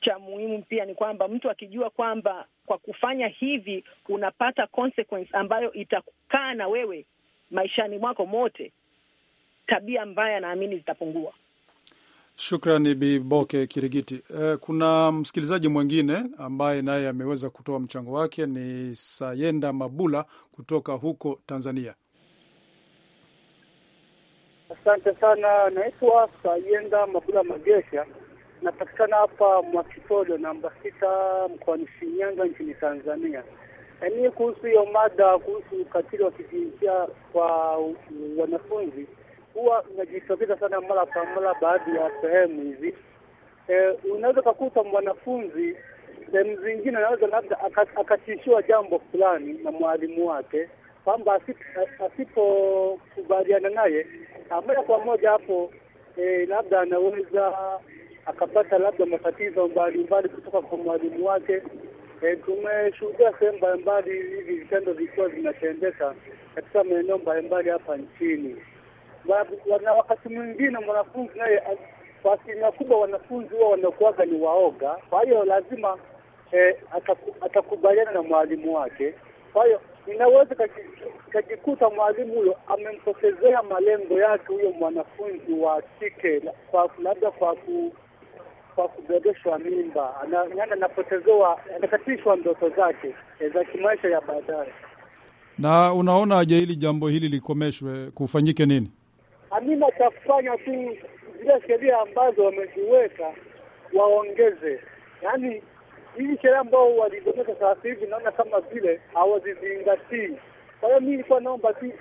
Cha muhimu pia ni kwamba mtu akijua kwamba kwa kufanya hivi unapata consequence ambayo itakukaa na wewe maishani mwako mote, tabia mbaya naamini zitapungua. Shukrani Bi Boke Kirigiti. Eh, kuna msikilizaji mwingine ambaye naye ameweza kutoa mchango wake, ni Sayenda Mabula kutoka huko Tanzania. Asante sana, naitwa Sayenda Mabula Magesha, napatikana hapa mwakitodo namba sita mkoani Shinyanga nchini Tanzania. Mimi kuhusu hiyo mada kuhusu ukatili wa kijinsia kwa wanafunzi huwa unajitokeza sana mara kwa mara baadhi ya sehemu hizi. E, unaweza ukakuta mwanafunzi sehemu zingine anaweza labda akatishiwa jambo fulani na mwalimu wake kwamba asipokubaliana naye moja kwa moja hapo e, labda anaweza akapata labda matatizo mbalimbali kutoka kwa mwalimu wake E, tumeshuhudia sehemu mbalimbali hivi vitendo vikiwa vinatendeka katika maeneo mbalimbali hapa nchini, na wakati mwingine mwanafunzi naye, kwa asilimia kubwa wanafunzi huwa wanakuwaga ni waoga, kwa hiyo lazima e, ataku, atakubaliana na mwalimu wake, kwa hiyo inaweza kajikuta mwalimu huyo amempotezea malengo yake huyo mwanafunzi wa kike, labda kwa ku kwa kubegeshwa mimba, yaani anapotezewa, anakatishwa ndoto zake eh, za kimaisha ya baadaye. Na unaonaje hili jambo hili likomeshwe, kufanyike nini? Amina, cha kufanya tu zile sheria ambazo wameziweka waongeze, yaani hizi sheria ambao walizomeka sasa hivi naona kama vile hawazizingatii. Kwa hiyo mi nilikuwa naomba tu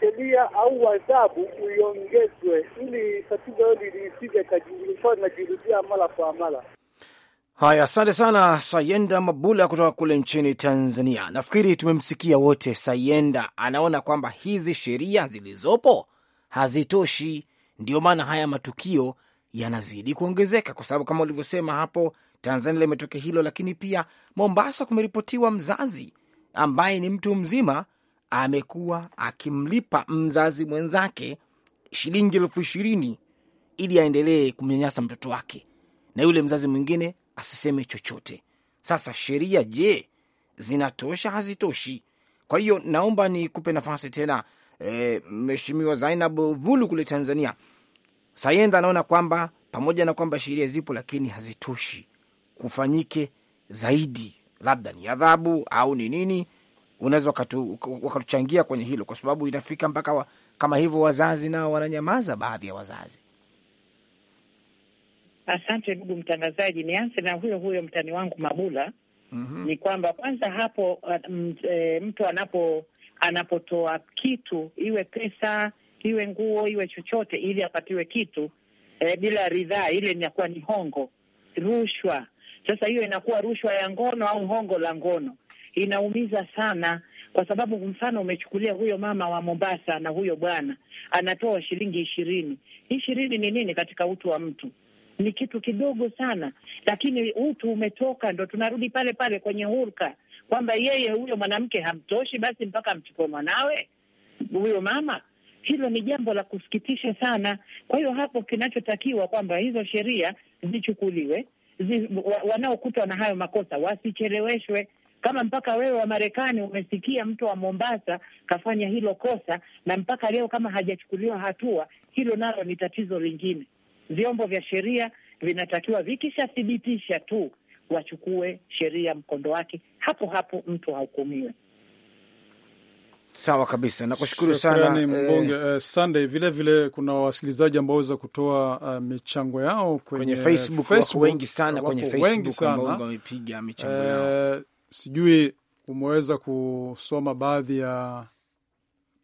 sheria au adhabu uiongezwe ili tatizo hili lisije linajirudia mara kwa mara. Haya, asante sana Sayenda Mabula kutoka kule nchini Tanzania. Nafikiri tumemsikia wote. Sayenda anaona kwamba hizi sheria zilizopo hazitoshi, ndio maana haya matukio yanazidi kuongezeka, kwa sababu kama ulivyosema hapo, Tanzania limetokea hilo, lakini pia Mombasa kumeripotiwa mzazi ambaye ni mtu mzima amekuwa akimlipa mzazi mwenzake shilingi elfu ishirini ili aendelee kumnyanyasa mtoto wake, na yule mzazi mwingine asiseme chochote. Sasa sheria je, zinatosha? Hazitoshi. Kwa hiyo naomba nikupe nafasi tena, e, Mheshimiwa Zainab Vulu kule Tanzania. Sayenda anaona kwamba pamoja na kwamba sheria zipo lakini hazitoshi, kufanyike zaidi, labda ni adhabu au ni nini unaweza wakatuchangia kwenye hilo, kwa sababu inafika mpaka wa, kama hivyo wazazi nao wananyamaza, baadhi ya wazazi. Asante ndugu mtangazaji, nianze na huyo huyo mtani wangu Mabula. mm -hmm. Ni kwamba kwanza hapo uh, eh, mtu anapo anapotoa kitu, iwe pesa, iwe nguo, iwe chochote, ili apatiwe kitu e, bila ridhaa, ile inakuwa ni hongo, rushwa. Sasa hiyo inakuwa rushwa ya ngono au hongo la ngono inaumiza sana, kwa sababu mfano umechukulia huyo mama wa Mombasa na huyo bwana anatoa shilingi ishirini. Ishirini ni nini katika utu wa mtu? Ni kitu kidogo sana, lakini utu umetoka. Ndo tunarudi pale pale kwenye hulka kwamba yeye huyo mwanamke hamtoshi, basi mpaka amchukue mwanawe huyo mama. Hilo ni jambo la kusikitisha sana. Kwa hiyo hapo kinachotakiwa kwamba hizo sheria zichukuliwe zi, wanaokutwa na hayo makosa wasicheleweshwe, kama mpaka wewe wa Marekani umesikia mtu wa Mombasa kafanya hilo kosa, na mpaka leo kama hajachukuliwa hatua, hilo nalo ni tatizo lingine. Vyombo vya sheria vinatakiwa vikishathibitisha tu wachukue sheria mkondo wake, hapo hapo mtu ahukumiwe. Sawa kabisa, nakushukuru sana eh, mbunge eh, Sunday. Vile vile kuna wasikilizaji ambao waweza kutoa uh, michango yao kwenye, kwenye Facebook, Facebook, wengi sana kwenye Facebook ambao wamepiga michango yao eh, sijui umeweza kusoma baadhi ya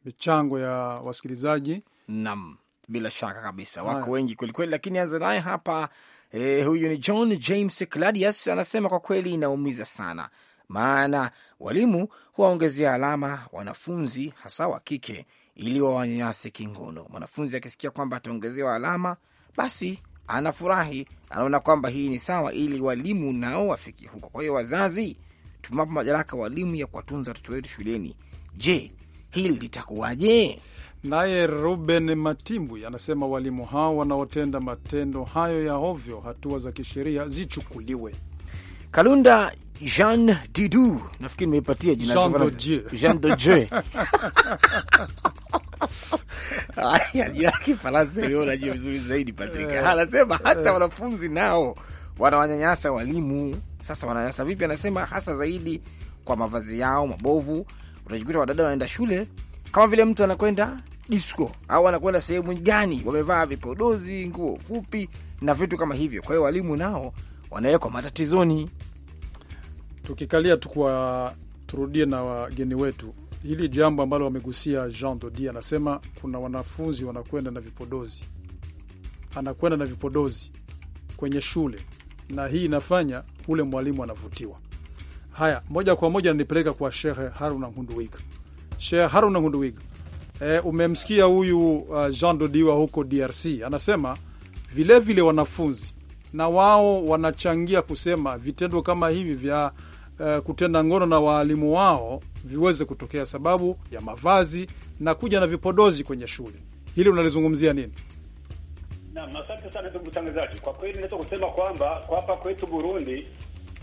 michango ya wasikilizaji. Naam, bila shaka kabisa, wako wengi kwelikweli, lakini anza naye hapa eh, huyu ni John James Cladius anasema, kwa kweli inaumiza sana, maana walimu huwaongezea alama wanafunzi hasa wa kike ili wawanyanyase kingono. Mwanafunzi akisikia kwamba ataongezewa alama, basi anafurahi, anaona kwamba hii ni sawa, ili walimu nao wafikie huko. Kwa hiyo wazazi tumapa madaraka walimu ya kuwatunza watoto wetu shuleni. Je, hili litakuwaje? Naye Ruben Matimbwi anasema walimu hao wanaotenda matendo hayo ya ovyo, hatua za kisheria zichukuliwe. Kalunda Jean Didu, nafikiri nimeipatia jina Jean Doje Haya, jina la Kifaransa unajua vizuri zaidi Patrick. Eh, anasema eh. hata wanafunzi nao wanawanyanyasa walimu. Sasa wananyanyasa vipi? Anasema hasa zaidi kwa mavazi yao mabovu. Utajikuta wadada wanaenda shule kama vile mtu anakwenda disco au anakwenda sehemu gani, wamevaa vipodozi, nguo fupi na vitu kama hivyo. Kwa hiyo walimu nao wanawekwa matatizoni. Tukikalia tukuwa turudie na wageni wetu hili jambo ambalo wamegusia Jean Dodi anasema kuna wanafunzi wanakwenda na vipodozi, anakwenda na vipodozi kwenye shule, na hii inafanya ule mwalimu anavutiwa. Haya, moja kwa moja nanipeleka kwa Shehe Haruna Hunduwig. Shehe Haruna Hunduwig, e, umemsikia huyu uh, Jean Dodi wa huko DRC anasema vilevile vile wanafunzi na wao wanachangia kusema vitendo kama hivi vya uh, kutenda ngono na waalimu wao viweze kutokea sababu ya mavazi na kuja na vipodozi kwenye shule. Hili unalizungumzia nini? Naam, asante sana ndugu mtangazaji. Kwa kweli naweza kusema kwamba kwa hapa kwetu Burundi,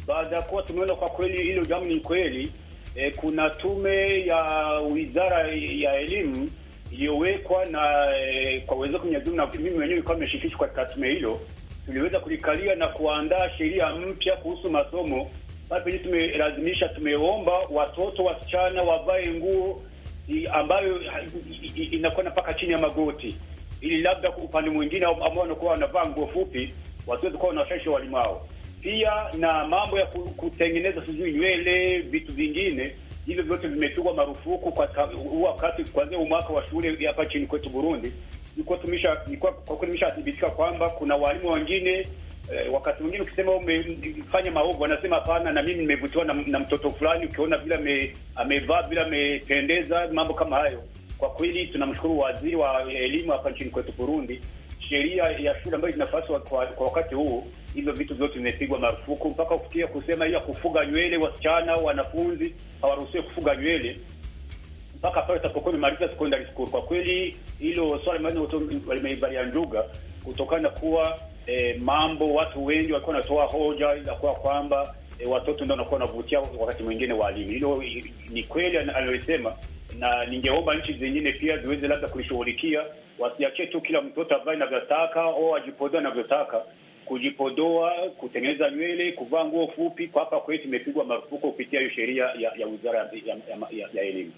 baada ya kuwa tumeona kwa kweli hilo jambo ni kweli e, kuna tume ya wizara ya elimu iliyowekwa na e, kwa uwezo Mwenyezi Mungu, na mimi mwenyewe kwa nimeshirikishwa katika tume hilo, tuliweza kulikalia na kuandaa sheria mpya kuhusu masomo bado tumelazimisha, tumeomba watoto wasichana wavae nguo ambayo inakwenda mpaka chini ya magoti, ili labda upande mwingine ambao wanakuwa wanavaa nguo fupi wasiwezi kuwa wanawashawishi walimu wao, pia na mambo ya kutengeneza sijui nywele, vitu vingine hivyo vyote vimepigwa marufuku kwa wakati kuanzia umwaka wa shule hapa chini kwetu Burundi. Nilikuwa tumisha nilikuwa kwa kwamba kuna walimu wengine eh, wakati mwingine ukisema umefanya maovu anasema hapana, na mimi nimevutiwa na, na mtoto fulani, ukiona vile amevaa vile amependeza, mambo kama hayo. Kwa kweli tunamshukuru waziri wa elimu hapa nchini kwetu Burundi, sheria ya shule ambayo inafaswa kwa, kwa wakati huu, hivyo vitu vyote vimepigwa marufuku, mpaka kufikia kusema hiyo kufuga nywele, wasichana wanafunzi hawaruhusiwe kufuga nywele mpaka pale utapokuwa umemaliza secondary school. Kwa kweli hilo swala limebaliya njuga kutokana na kuwa e, mambo watu wengi walikuwa wanatoa hoja inakuwa kwamba e, watoto ndio wanakuwa wanavutia wakati mwingine walimu. Hilo ni kweli anayosema na ningeomba nchi zingine pia ziweze labda kulishughulikia, wasiachie tu kila mtoto ambaye inavyotaka au ajipodoa anavyotaka kujipodoa, kutengeneza nywele, kuvaa nguo fupi. Kwa hapa kwetu imepigwa marufuku kupitia hiyo sheria ya, ya wizara ya, ya, ya, ya elimu.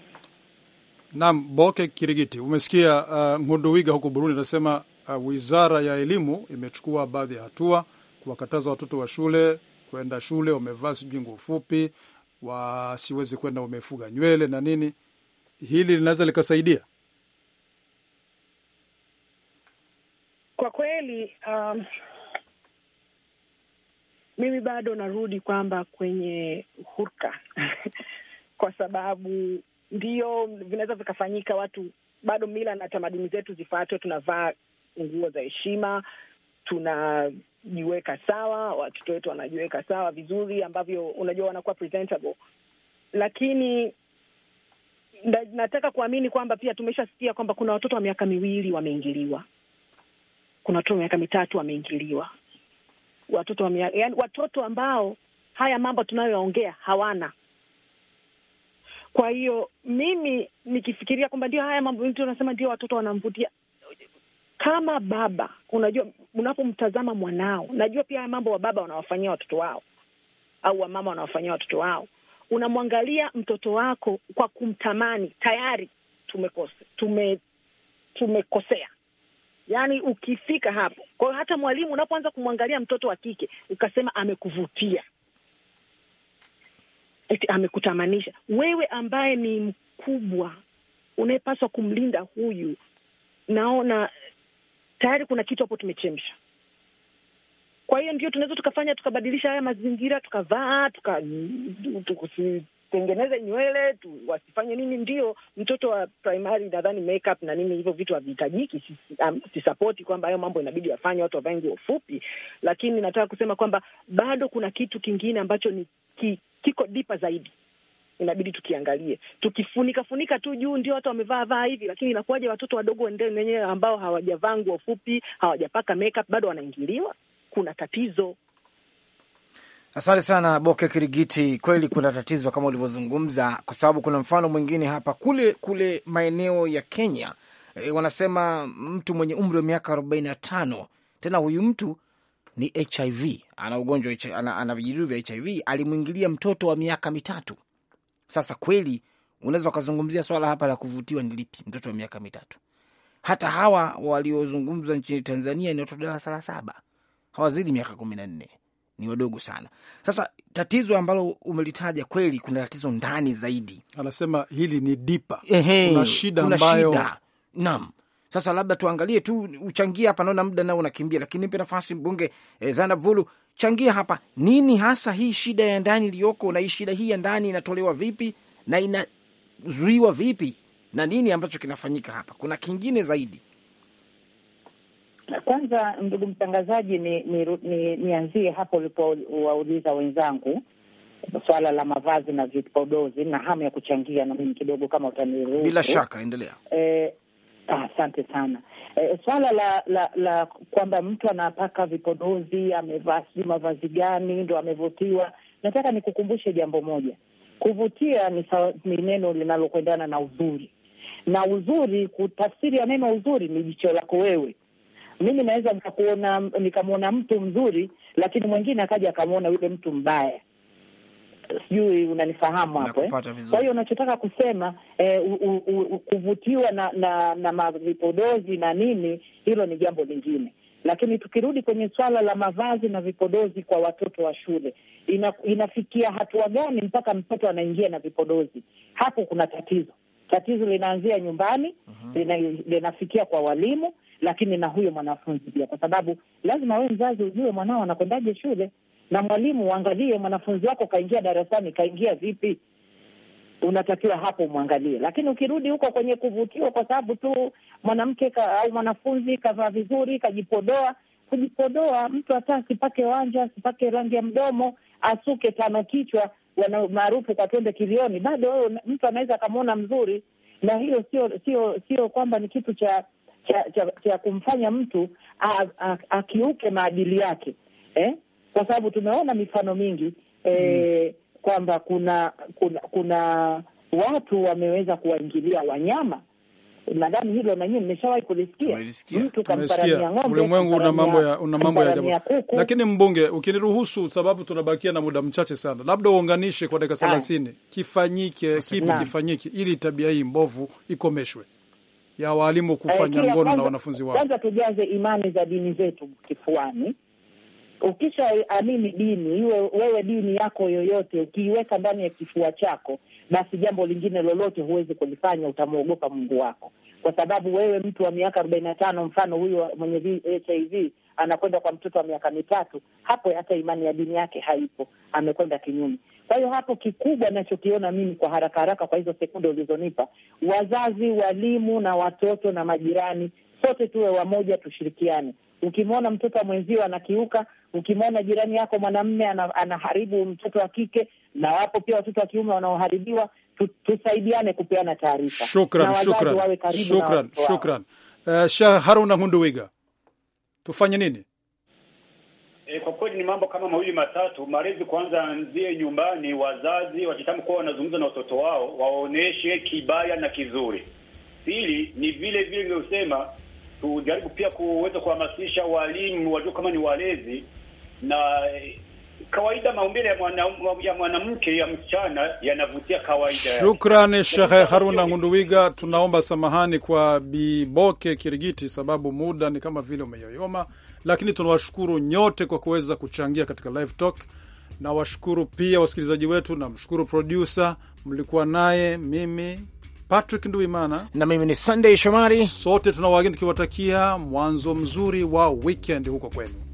Naam, Boke Kirigiti, umesikia uh, Ngunduwiga huko Burundi anasema uh, wizara ya elimu imechukua baadhi ya hatua kuwakataza watoto wa shule kwenda shule wamevaa sijui nguo fupi, wasiwezi kwenda wamefuga nywele na nini. Hili linaweza likasaidia kwa kweli. Um, mimi bado narudi kwamba kwenye hurka kwa sababu ndio vinaweza vikafanyika, watu bado mila na tamaduni zetu zifuatwe, tunavaa nguo za heshima, tunajiweka sawa, watoto wetu wanajiweka sawa vizuri, ambavyo unajua wanakuwa presentable. Lakini na, nataka kuamini kwamba pia tumeshasikia kwamba kuna watoto wa miaka miwili wameingiliwa, kuna watoto wa miaka mitatu wameingiliwa, watoto wa miaka, yani watoto ambao haya mambo tunayoyaongea hawana kwa hiyo mimi nikifikiria kwamba ndio haya mambo tunasema ndio watoto wanamvutia, kama baba, unajua unapomtazama mwanao, najua pia mambo wa baba wanawafanyia watoto wao au wamama wanawafanyia watoto wao, unamwangalia mtoto wako kwa kumtamani. Tayari tumekose, tume, tumekosea yaani ukifika hapo. Kwa hiyo hata mwalimu unapoanza kumwangalia mtoto wa kike ukasema amekuvutia, eti amekutamanisha wewe, ambaye ni mkubwa unayepaswa kumlinda huyu, naona tayari kuna kitu hapo tumechemsha. Kwa hiyo ndio tunaweza tukafanya tukabadilisha haya mazingira, tukavaa tukusitengeneze nywele tu, wasifanye nini, ndio mtoto wa primary nadhani makeup na nini hivyo vitu havihitajiki. Sisapoti um, kwamba hayo mambo inabidi yafanye, watu wavae nguo fupi, lakini nataka kusema kwamba bado kuna kitu kingine ambacho ni ki, kiko dipa zaidi inabidi tukiangalie. Tukifunika funika tu juu, ndio watu wamevaa vaa hivi, lakini inakuwaje watoto wadogo wenyewe ambao hawajavaa nguo fupi, hawajapaka makeup, bado wanaingiliwa? Kuna tatizo. Asante sana Boke Kirigiti, kweli kuna tatizo kama ulivyozungumza, kwa sababu kuna mfano mwingine hapa kule kule maeneo ya Kenya. E, wanasema mtu mwenye umri wa miaka arobaini na tano, tena huyu mtu ni HIV, ana ugonjwa ana, ana vijidudu vya HIV, alimwingilia mtoto wa miaka mitatu sasa kweli unaweza ukazungumzia swala hapa la kuvutiwa ni lipi, mtoto wa miaka mitatu? Hata hawa waliozungumza nchini Tanzania ni watoto darasa la saba, hawazidi miaka kumi na nne, ni wadogo sana. Sasa tatizo ambalo umelitaja kweli, kuna tatizo ndani zaidi, anasema hili ni dipa. Ehe, kuna shida ambayo naam sasa labda tuangalie tu uchangia hapa, naona muda nao unakimbia, lakini nipe nafasi mbunge e, eh, Zanavulu Vulu changia hapa, nini hasa hii shida ya ndani iliyoko, na hii shida hii ya ndani inatolewa vipi na inazuiwa vipi, na nini ambacho kinafanyika hapa? Kuna kingine zaidi? Kwanza ndugu mtangazaji, nianzie ni, ni, ni hapo ulipowauliza wenzangu swala la mavazi na vipodozi na hamu ya kuchangia na mimi kidogo, kama utaniruhusu. Bila shaka, endelea. E, Ah, asante ah, sana. E, swala la la, la kwamba mtu anapaka vipodozi amevaa sijui mavazi gani ndo amevutiwa, nataka nikukumbushe jambo moja. Kuvutia ni, ni neno linalokwendana na uzuri, na uzuri, kutafsiri ya neno uzuri ni jicho lako wewe. Mimi naweza nikamwona mtu mzuri, lakini mwingine akaja akamwona yule mtu mbaya sijui unanifahamu hapo eh? Kwa hiyo unachotaka kusema eh, u, u, u, kuvutiwa na na, na mavipodozi na nini, hilo ni jambo lingine, lakini tukirudi kwenye swala la mavazi na vipodozi kwa watoto wa shule, ina, inafikia hatua gani mpaka mtoto anaingia na vipodozi? Hapo kuna tatizo. Tatizo linaanzia nyumbani, uh-huh. lina, linafikia kwa walimu, lakini na huyo mwanafunzi pia, kwa sababu lazima wewe mzazi ujue mwanao anakwendaje shule na mwalimu uangalie mwanafunzi wako kaingia darasani, kaingia vipi? Unatakiwa hapo umwangalie, lakini ukirudi huko kwenye kuvutiwa kwa sababu tu mwanamke au mwanafunzi kavaa vizuri, kajipodoa. Kujipodoa mtu hata asipake wanja, asipake rangi ya mdomo, asuke tano kichwa, wana maarufu kwa twende kilioni, bado huyo mtu anaweza akamwona mzuri, na hiyo sio sio sio kwamba ni kitu cha cha, cha, cha kumfanya mtu akiuke maadili yake eh? kwa sababu tumeona mifano mingi e, mm. kwamba kuna kuna kuna watu wameweza kuwaingilia wanyama. Nadhani hilo na nyinyi mmeshawahi kulisikia, mtu kamparamia ng'ombe. Ulimwengu una mambo ya una mambo ya ajabu. Lakini mbunge, ukiniruhusu, sababu tunabakia na muda mchache sana, labda uunganishe kwa dakika thelathini, kifanyike kipi? Kifanyike ili tabia hii mbovu ikomeshwe ya waalimu eh, kufanya ngono na wanafunzi wao. Kwanza tujaze imani za dini zetu kifuani Ukisha amini dini iwe wewe dini yako yoyote, ukiiweka ndani ya kifua chako, basi jambo lingine lolote huwezi kulifanya, utamwogopa Mungu wako, kwa sababu wewe mtu wa miaka arobaini na tano mfano huyo mwenye HIV anakwenda kwa mtoto wa miaka mitatu, hapo hata imani ya dini yake haipo, amekwenda kinyume. Kwa hiyo hapo, kikubwa nachokiona mimi kwa haraka haraka, kwa hizo sekunde ulizonipa, wazazi, walimu na watoto na majirani sote tuwe wamoja, tushirikiane. Ukimwona mtoto wa mwenzio anakiuka, ukimwona jirani yako mwanamme anaharibu mtoto wa kike, na wapo pia watoto wa kiume wanaoharibiwa, tusaidiane kupeana taarifa. Shukran, shukran, shukran, shukran. Uh, Shah Haruna Ngunduwiga, tufanye nini? Eh, kwa kweli ni mambo kama mawili matatu. Malezi kwanza anzie nyumbani. Wazazi wakitaka kuwa wanazungumza na watoto wao waoneshe kibaya na kizuri. Pili ni vile vile nilivyosema, tujaribu pia kuweza kuhamasisha walimu, wajua kama ni walezi na eh, kawaida maumbile ya mwanamke ya, mwana ya msichana yanavutia kawaida. Shukrani Shekhe Haruna Ngunduwiga. Tunaomba samahani kwa Biboke Kirigiti sababu muda ni kama vile umeyoyoma, lakini tunawashukuru nyote kwa kuweza kuchangia katika live talk. Nawashukuru pia wasikilizaji wetu, namshukuru producer, mlikuwa naye mimi Patrick Nduimana na mimi ni Sunday Shomari, sote tunawageni tukiwatakia mwanzo mzuri wa weekend huko kwenu.